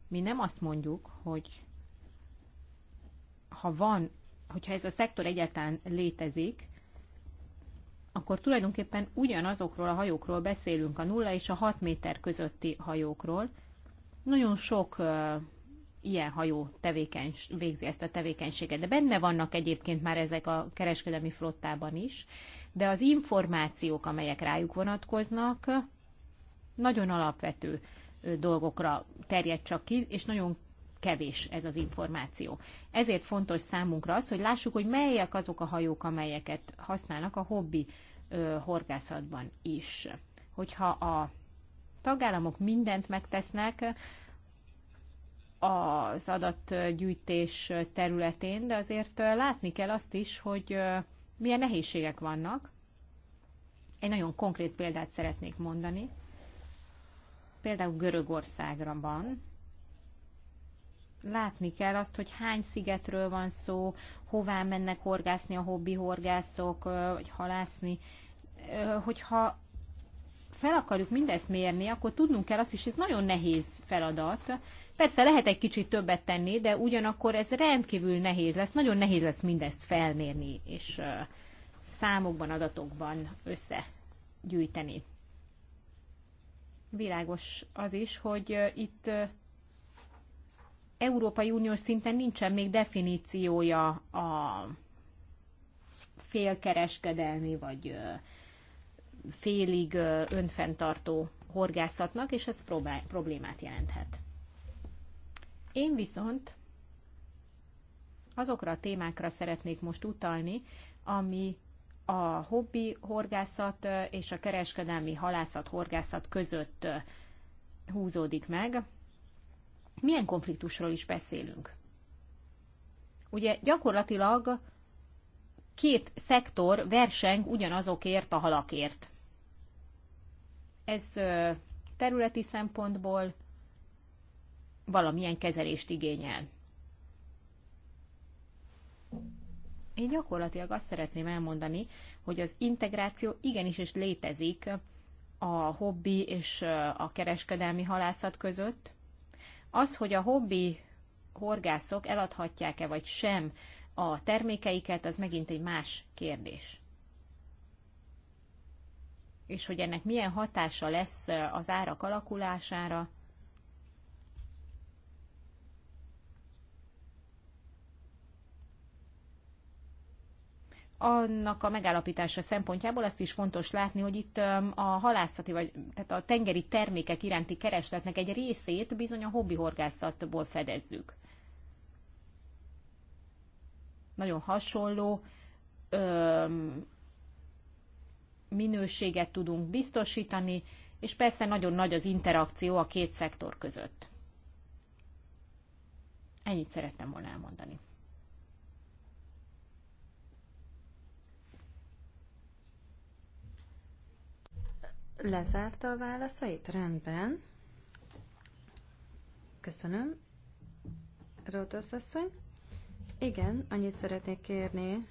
S3: Mi nem azt mondjuk, hogy ha van, hogyha ez a szektor egyáltalán létezik, akkor tulajdonképpen ugyanazokról a hajókról beszélünk, a 0 és a 6 méter közötti hajókról. Nagyon sok ilyen hajó tevékenys, végzi ezt a tevékenységet. De benne vannak egyébként már ezek a kereskedelmi flottában is, de az információk, amelyek rájuk vonatkoznak, nagyon alapvető dolgokra terjed csak ki, és nagyon kevés ez az információ. Ezért fontos számunkra az, hogy lássuk, hogy melyek azok a hajók, amelyeket használnak a hobbi ö, horgászatban is. Hogyha a tagállamok mindent megtesznek az adatgyűjtés területén, de azért látni kell azt is, hogy milyen nehézségek vannak. Egy nagyon konkrét példát szeretnék mondani. Például Görögországra van. Látni kell azt, hogy hány szigetről van szó, hová mennek horgászni a hobbi horgászok, vagy halászni. Hogyha fel akarjuk mindezt mérni, akkor tudnunk kell azt is, ez nagyon nehéz feladat. Persze lehet egy kicsit többet tenni, de ugyanakkor ez rendkívül nehéz lesz, nagyon nehéz lesz mindezt felmérni, és számokban, adatokban összegyűjteni. Világos az is, hogy itt Európai Uniós szinten nincsen még definíciója a félkereskedelmi vagy félig önfenntartó horgászatnak, és ez problémát jelenthet. Én viszont azokra a témákra szeretnék most utalni, ami a hobbi horgászat és a kereskedelmi halászat horgászat között húzódik meg. Milyen konfliktusról is beszélünk? Ugye gyakorlatilag két szektor verseng ugyanazokért a halakért. Ez területi szempontból valamilyen kezelést igényel. Én gyakorlatilag azt szeretném elmondani, hogy az integráció igenis is létezik a hobbi és a kereskedelmi halászat között. Az, hogy a hobbi horgászok eladhatják-e vagy sem a termékeiket, az megint egy más kérdés. És hogy ennek milyen hatása lesz az árak alakulására, annak a megállapítása szempontjából azt is fontos látni, hogy itt a halászati, vagy tehát a tengeri termékek iránti keresletnek egy részét bizony a hobbi horgászatból fedezzük nagyon hasonló ö, minőséget tudunk biztosítani, és persze nagyon nagy az interakció a két szektor között. Ennyit szerettem volna elmondani.
S2: Lezárta a válaszait? Rendben. Köszönöm. Rótosz asszony. Igen, annyit szeretnék kérni.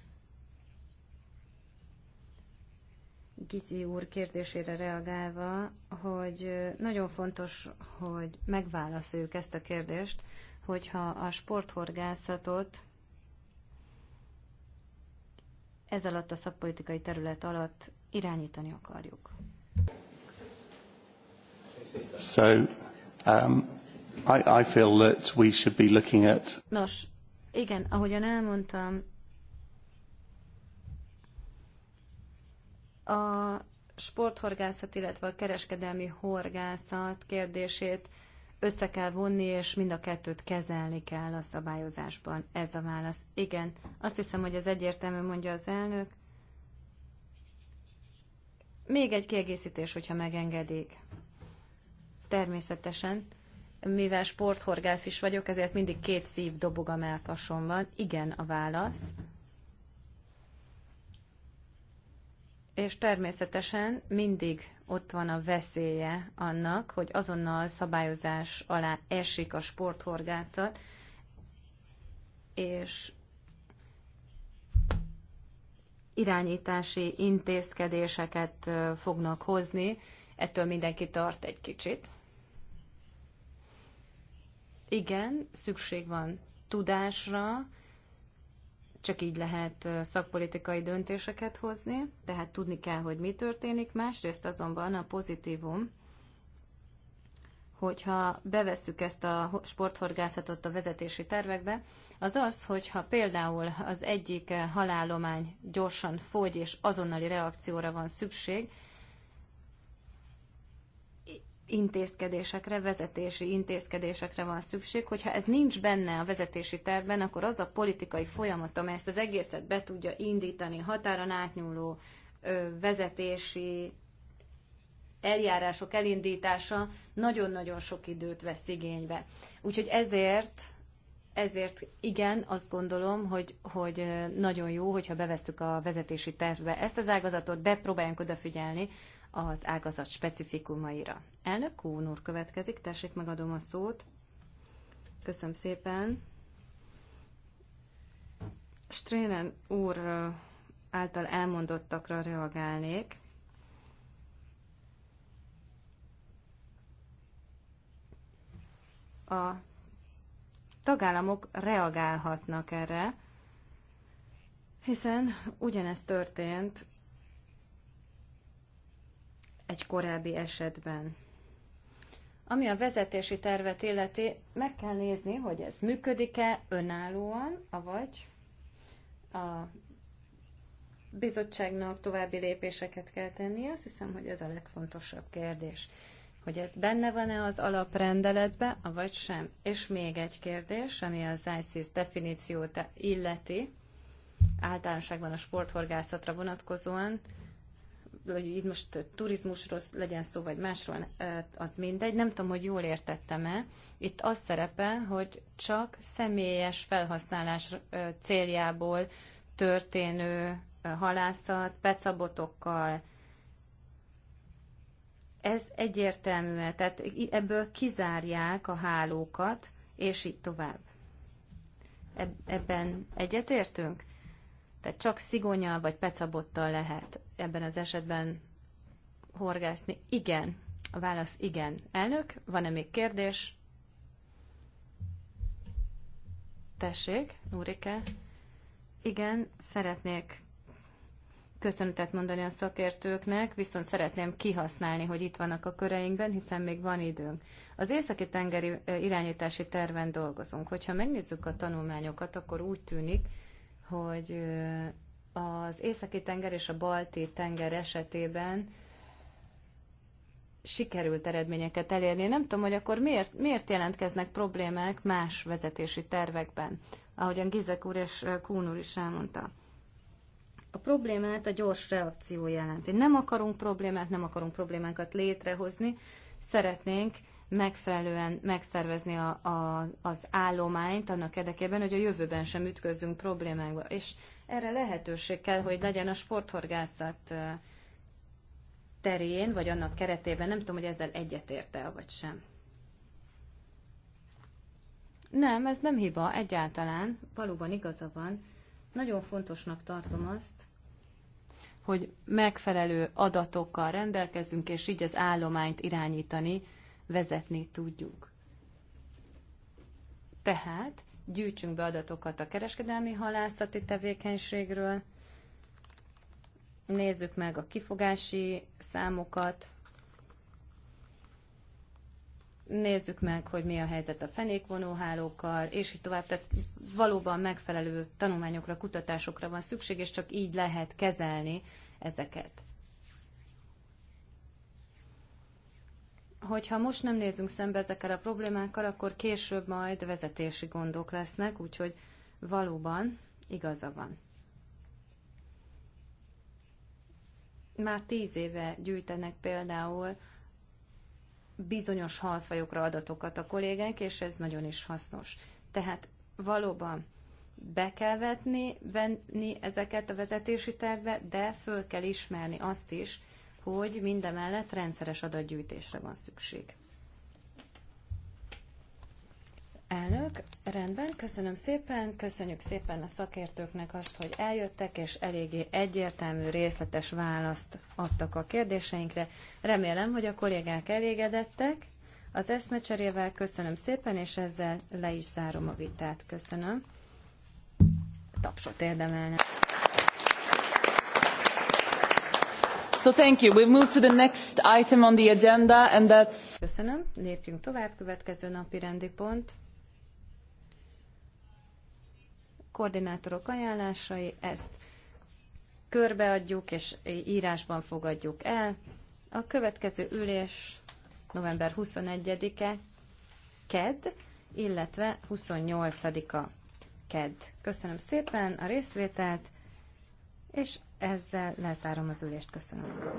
S2: Gizi úr kérdésére reagálva, hogy nagyon fontos, hogy megválaszoljuk ezt a kérdést, hogyha a sporthorgászatot ez alatt a szakpolitikai terület alatt irányítani akarjuk.
S3: So, um, I, I feel that we should be looking at...
S2: Nos, igen, ahogyan elmondtam, a sporthorgászat, illetve a kereskedelmi horgászat kérdését össze kell vonni, és mind a kettőt kezelni kell a szabályozásban. Ez a válasz. Igen, azt hiszem, hogy ez egyértelmű, mondja az elnök. Még egy kiegészítés, hogyha megengedik. Természetesen mivel sporthorgász is vagyok, ezért mindig két szív dobog a melkasomban. Igen a válasz. És természetesen mindig ott van a veszélye annak, hogy azonnal szabályozás alá esik a sporthorgászat, és irányítási intézkedéseket fognak hozni, ettől mindenki tart egy kicsit igen, szükség van tudásra, csak így lehet szakpolitikai döntéseket hozni, tehát tudni kell, hogy mi történik. Másrészt azonban a pozitívum, hogyha bevesszük ezt a sporthorgászatot a vezetési tervekbe, az az, hogyha például az egyik halálomány gyorsan fogy és azonnali reakcióra van szükség, intézkedésekre, vezetési intézkedésekre van szükség. Hogyha ez nincs benne a vezetési tervben, akkor az a politikai folyamat, amely ezt az egészet be tudja indítani, határon átnyúló vezetési eljárások elindítása nagyon-nagyon sok időt vesz igénybe. Úgyhogy ezért ezért igen, azt gondolom, hogy, hogy nagyon jó, hogyha bevesszük a vezetési tervbe ezt az ágazatot, de próbáljunk odafigyelni, az ágazat specifikumaira. Elnök Kuhn úr következik, tessék megadom a szót. Köszönöm szépen. Strénen úr által elmondottakra reagálnék. A tagállamok reagálhatnak erre, hiszen ugyanezt történt egy korábbi esetben. Ami a vezetési tervet illeti, meg kell nézni, hogy ez működik-e önállóan, avagy a bizottságnak további lépéseket kell tennie. Azt hiszem, hogy ez a legfontosabb kérdés. Hogy ez benne van-e az alaprendeletbe, avagy sem. És még egy kérdés, ami az ICS definíciót illeti, általánoságban a sporthorgászatra vonatkozóan, hogy itt most turizmusról legyen szó, vagy másról, az mindegy. Nem tudom, hogy jól értettem-e. Itt az szerepe, hogy csak személyes felhasználás céljából történő halászat, pecabotokkal, ez egyértelmű, tehát ebből kizárják a hálókat, és így tovább. Ebben egyetértünk? Tehát csak szigonyal vagy pecabottal lehet ebben az esetben horgászni? Igen. A válasz igen. Elnök, van-e még kérdés? Tessék, Úrike. Igen, szeretnék köszönetet mondani a szakértőknek, viszont szeretném kihasználni, hogy itt vannak a köreinkben, hiszen még van időnk. Az északi tengeri irányítási terven dolgozunk. Hogyha megnézzük a tanulmányokat, akkor úgy tűnik, hogy az északi tenger és a balti tenger esetében sikerült eredményeket elérni. Nem tudom, hogy akkor miért, miért jelentkeznek problémák más vezetési tervekben, ahogyan Gizek úr és eh, Kún úr is elmondta. A problémát a gyors reakció jelenti. Nem akarunk problémát, nem akarunk problémákat létrehozni, szeretnénk megfelelően megszervezni a, a, az állományt annak érdekében, hogy a jövőben sem ütközzünk problémákba. És erre lehetőség kell, hogy legyen a sporthorgászat terén, vagy annak keretében. Nem tudom, hogy ezzel egyetérte, vagy sem. Nem, ez nem hiba egyáltalán. Valóban igaza van. Nagyon fontosnak tartom azt, hogy megfelelő adatokkal rendelkezünk, és így az állományt irányítani, vezetni tudjuk. Tehát gyűjtsünk be adatokat a kereskedelmi halászati tevékenységről, nézzük meg a kifogási számokat, nézzük meg, hogy mi a helyzet a fenékvonóhálókkal, és így tovább. Tehát valóban megfelelő tanulmányokra, kutatásokra van szükség, és csak így lehet kezelni ezeket. hogyha most nem nézünk szembe ezekkel a problémákkal, akkor később majd vezetési gondok lesznek, úgyhogy valóban igaza van. Már tíz éve gyűjtenek például bizonyos halfajokra adatokat a kollégánk, és ez nagyon is hasznos. Tehát valóban be kell vetni, venni ezeket a vezetési tervbe, de föl kell ismerni azt is, hogy mindemellett rendszeres adatgyűjtésre van szükség. Elnök, rendben, köszönöm szépen, köszönjük szépen a szakértőknek azt, hogy eljöttek, és eléggé egyértelmű, részletes választ adtak a kérdéseinkre. Remélem, hogy a kollégák elégedettek. Az eszmecserével köszönöm szépen, és ezzel le is zárom a vitát. Köszönöm. Tapsot érdemelnek.
S1: So thank you. We move to
S2: the next item on the agenda, and that's... Köszönöm. Lépjünk tovább. Következő napi rendi pont. Koordinátorok ajánlásai. Ezt körbeadjuk és írásban fogadjuk el. A következő ülés november 21-e, KED, illetve 28-a KED. Köszönöm szépen a részvételt, és ezzel lezárom az ülést. Köszönöm.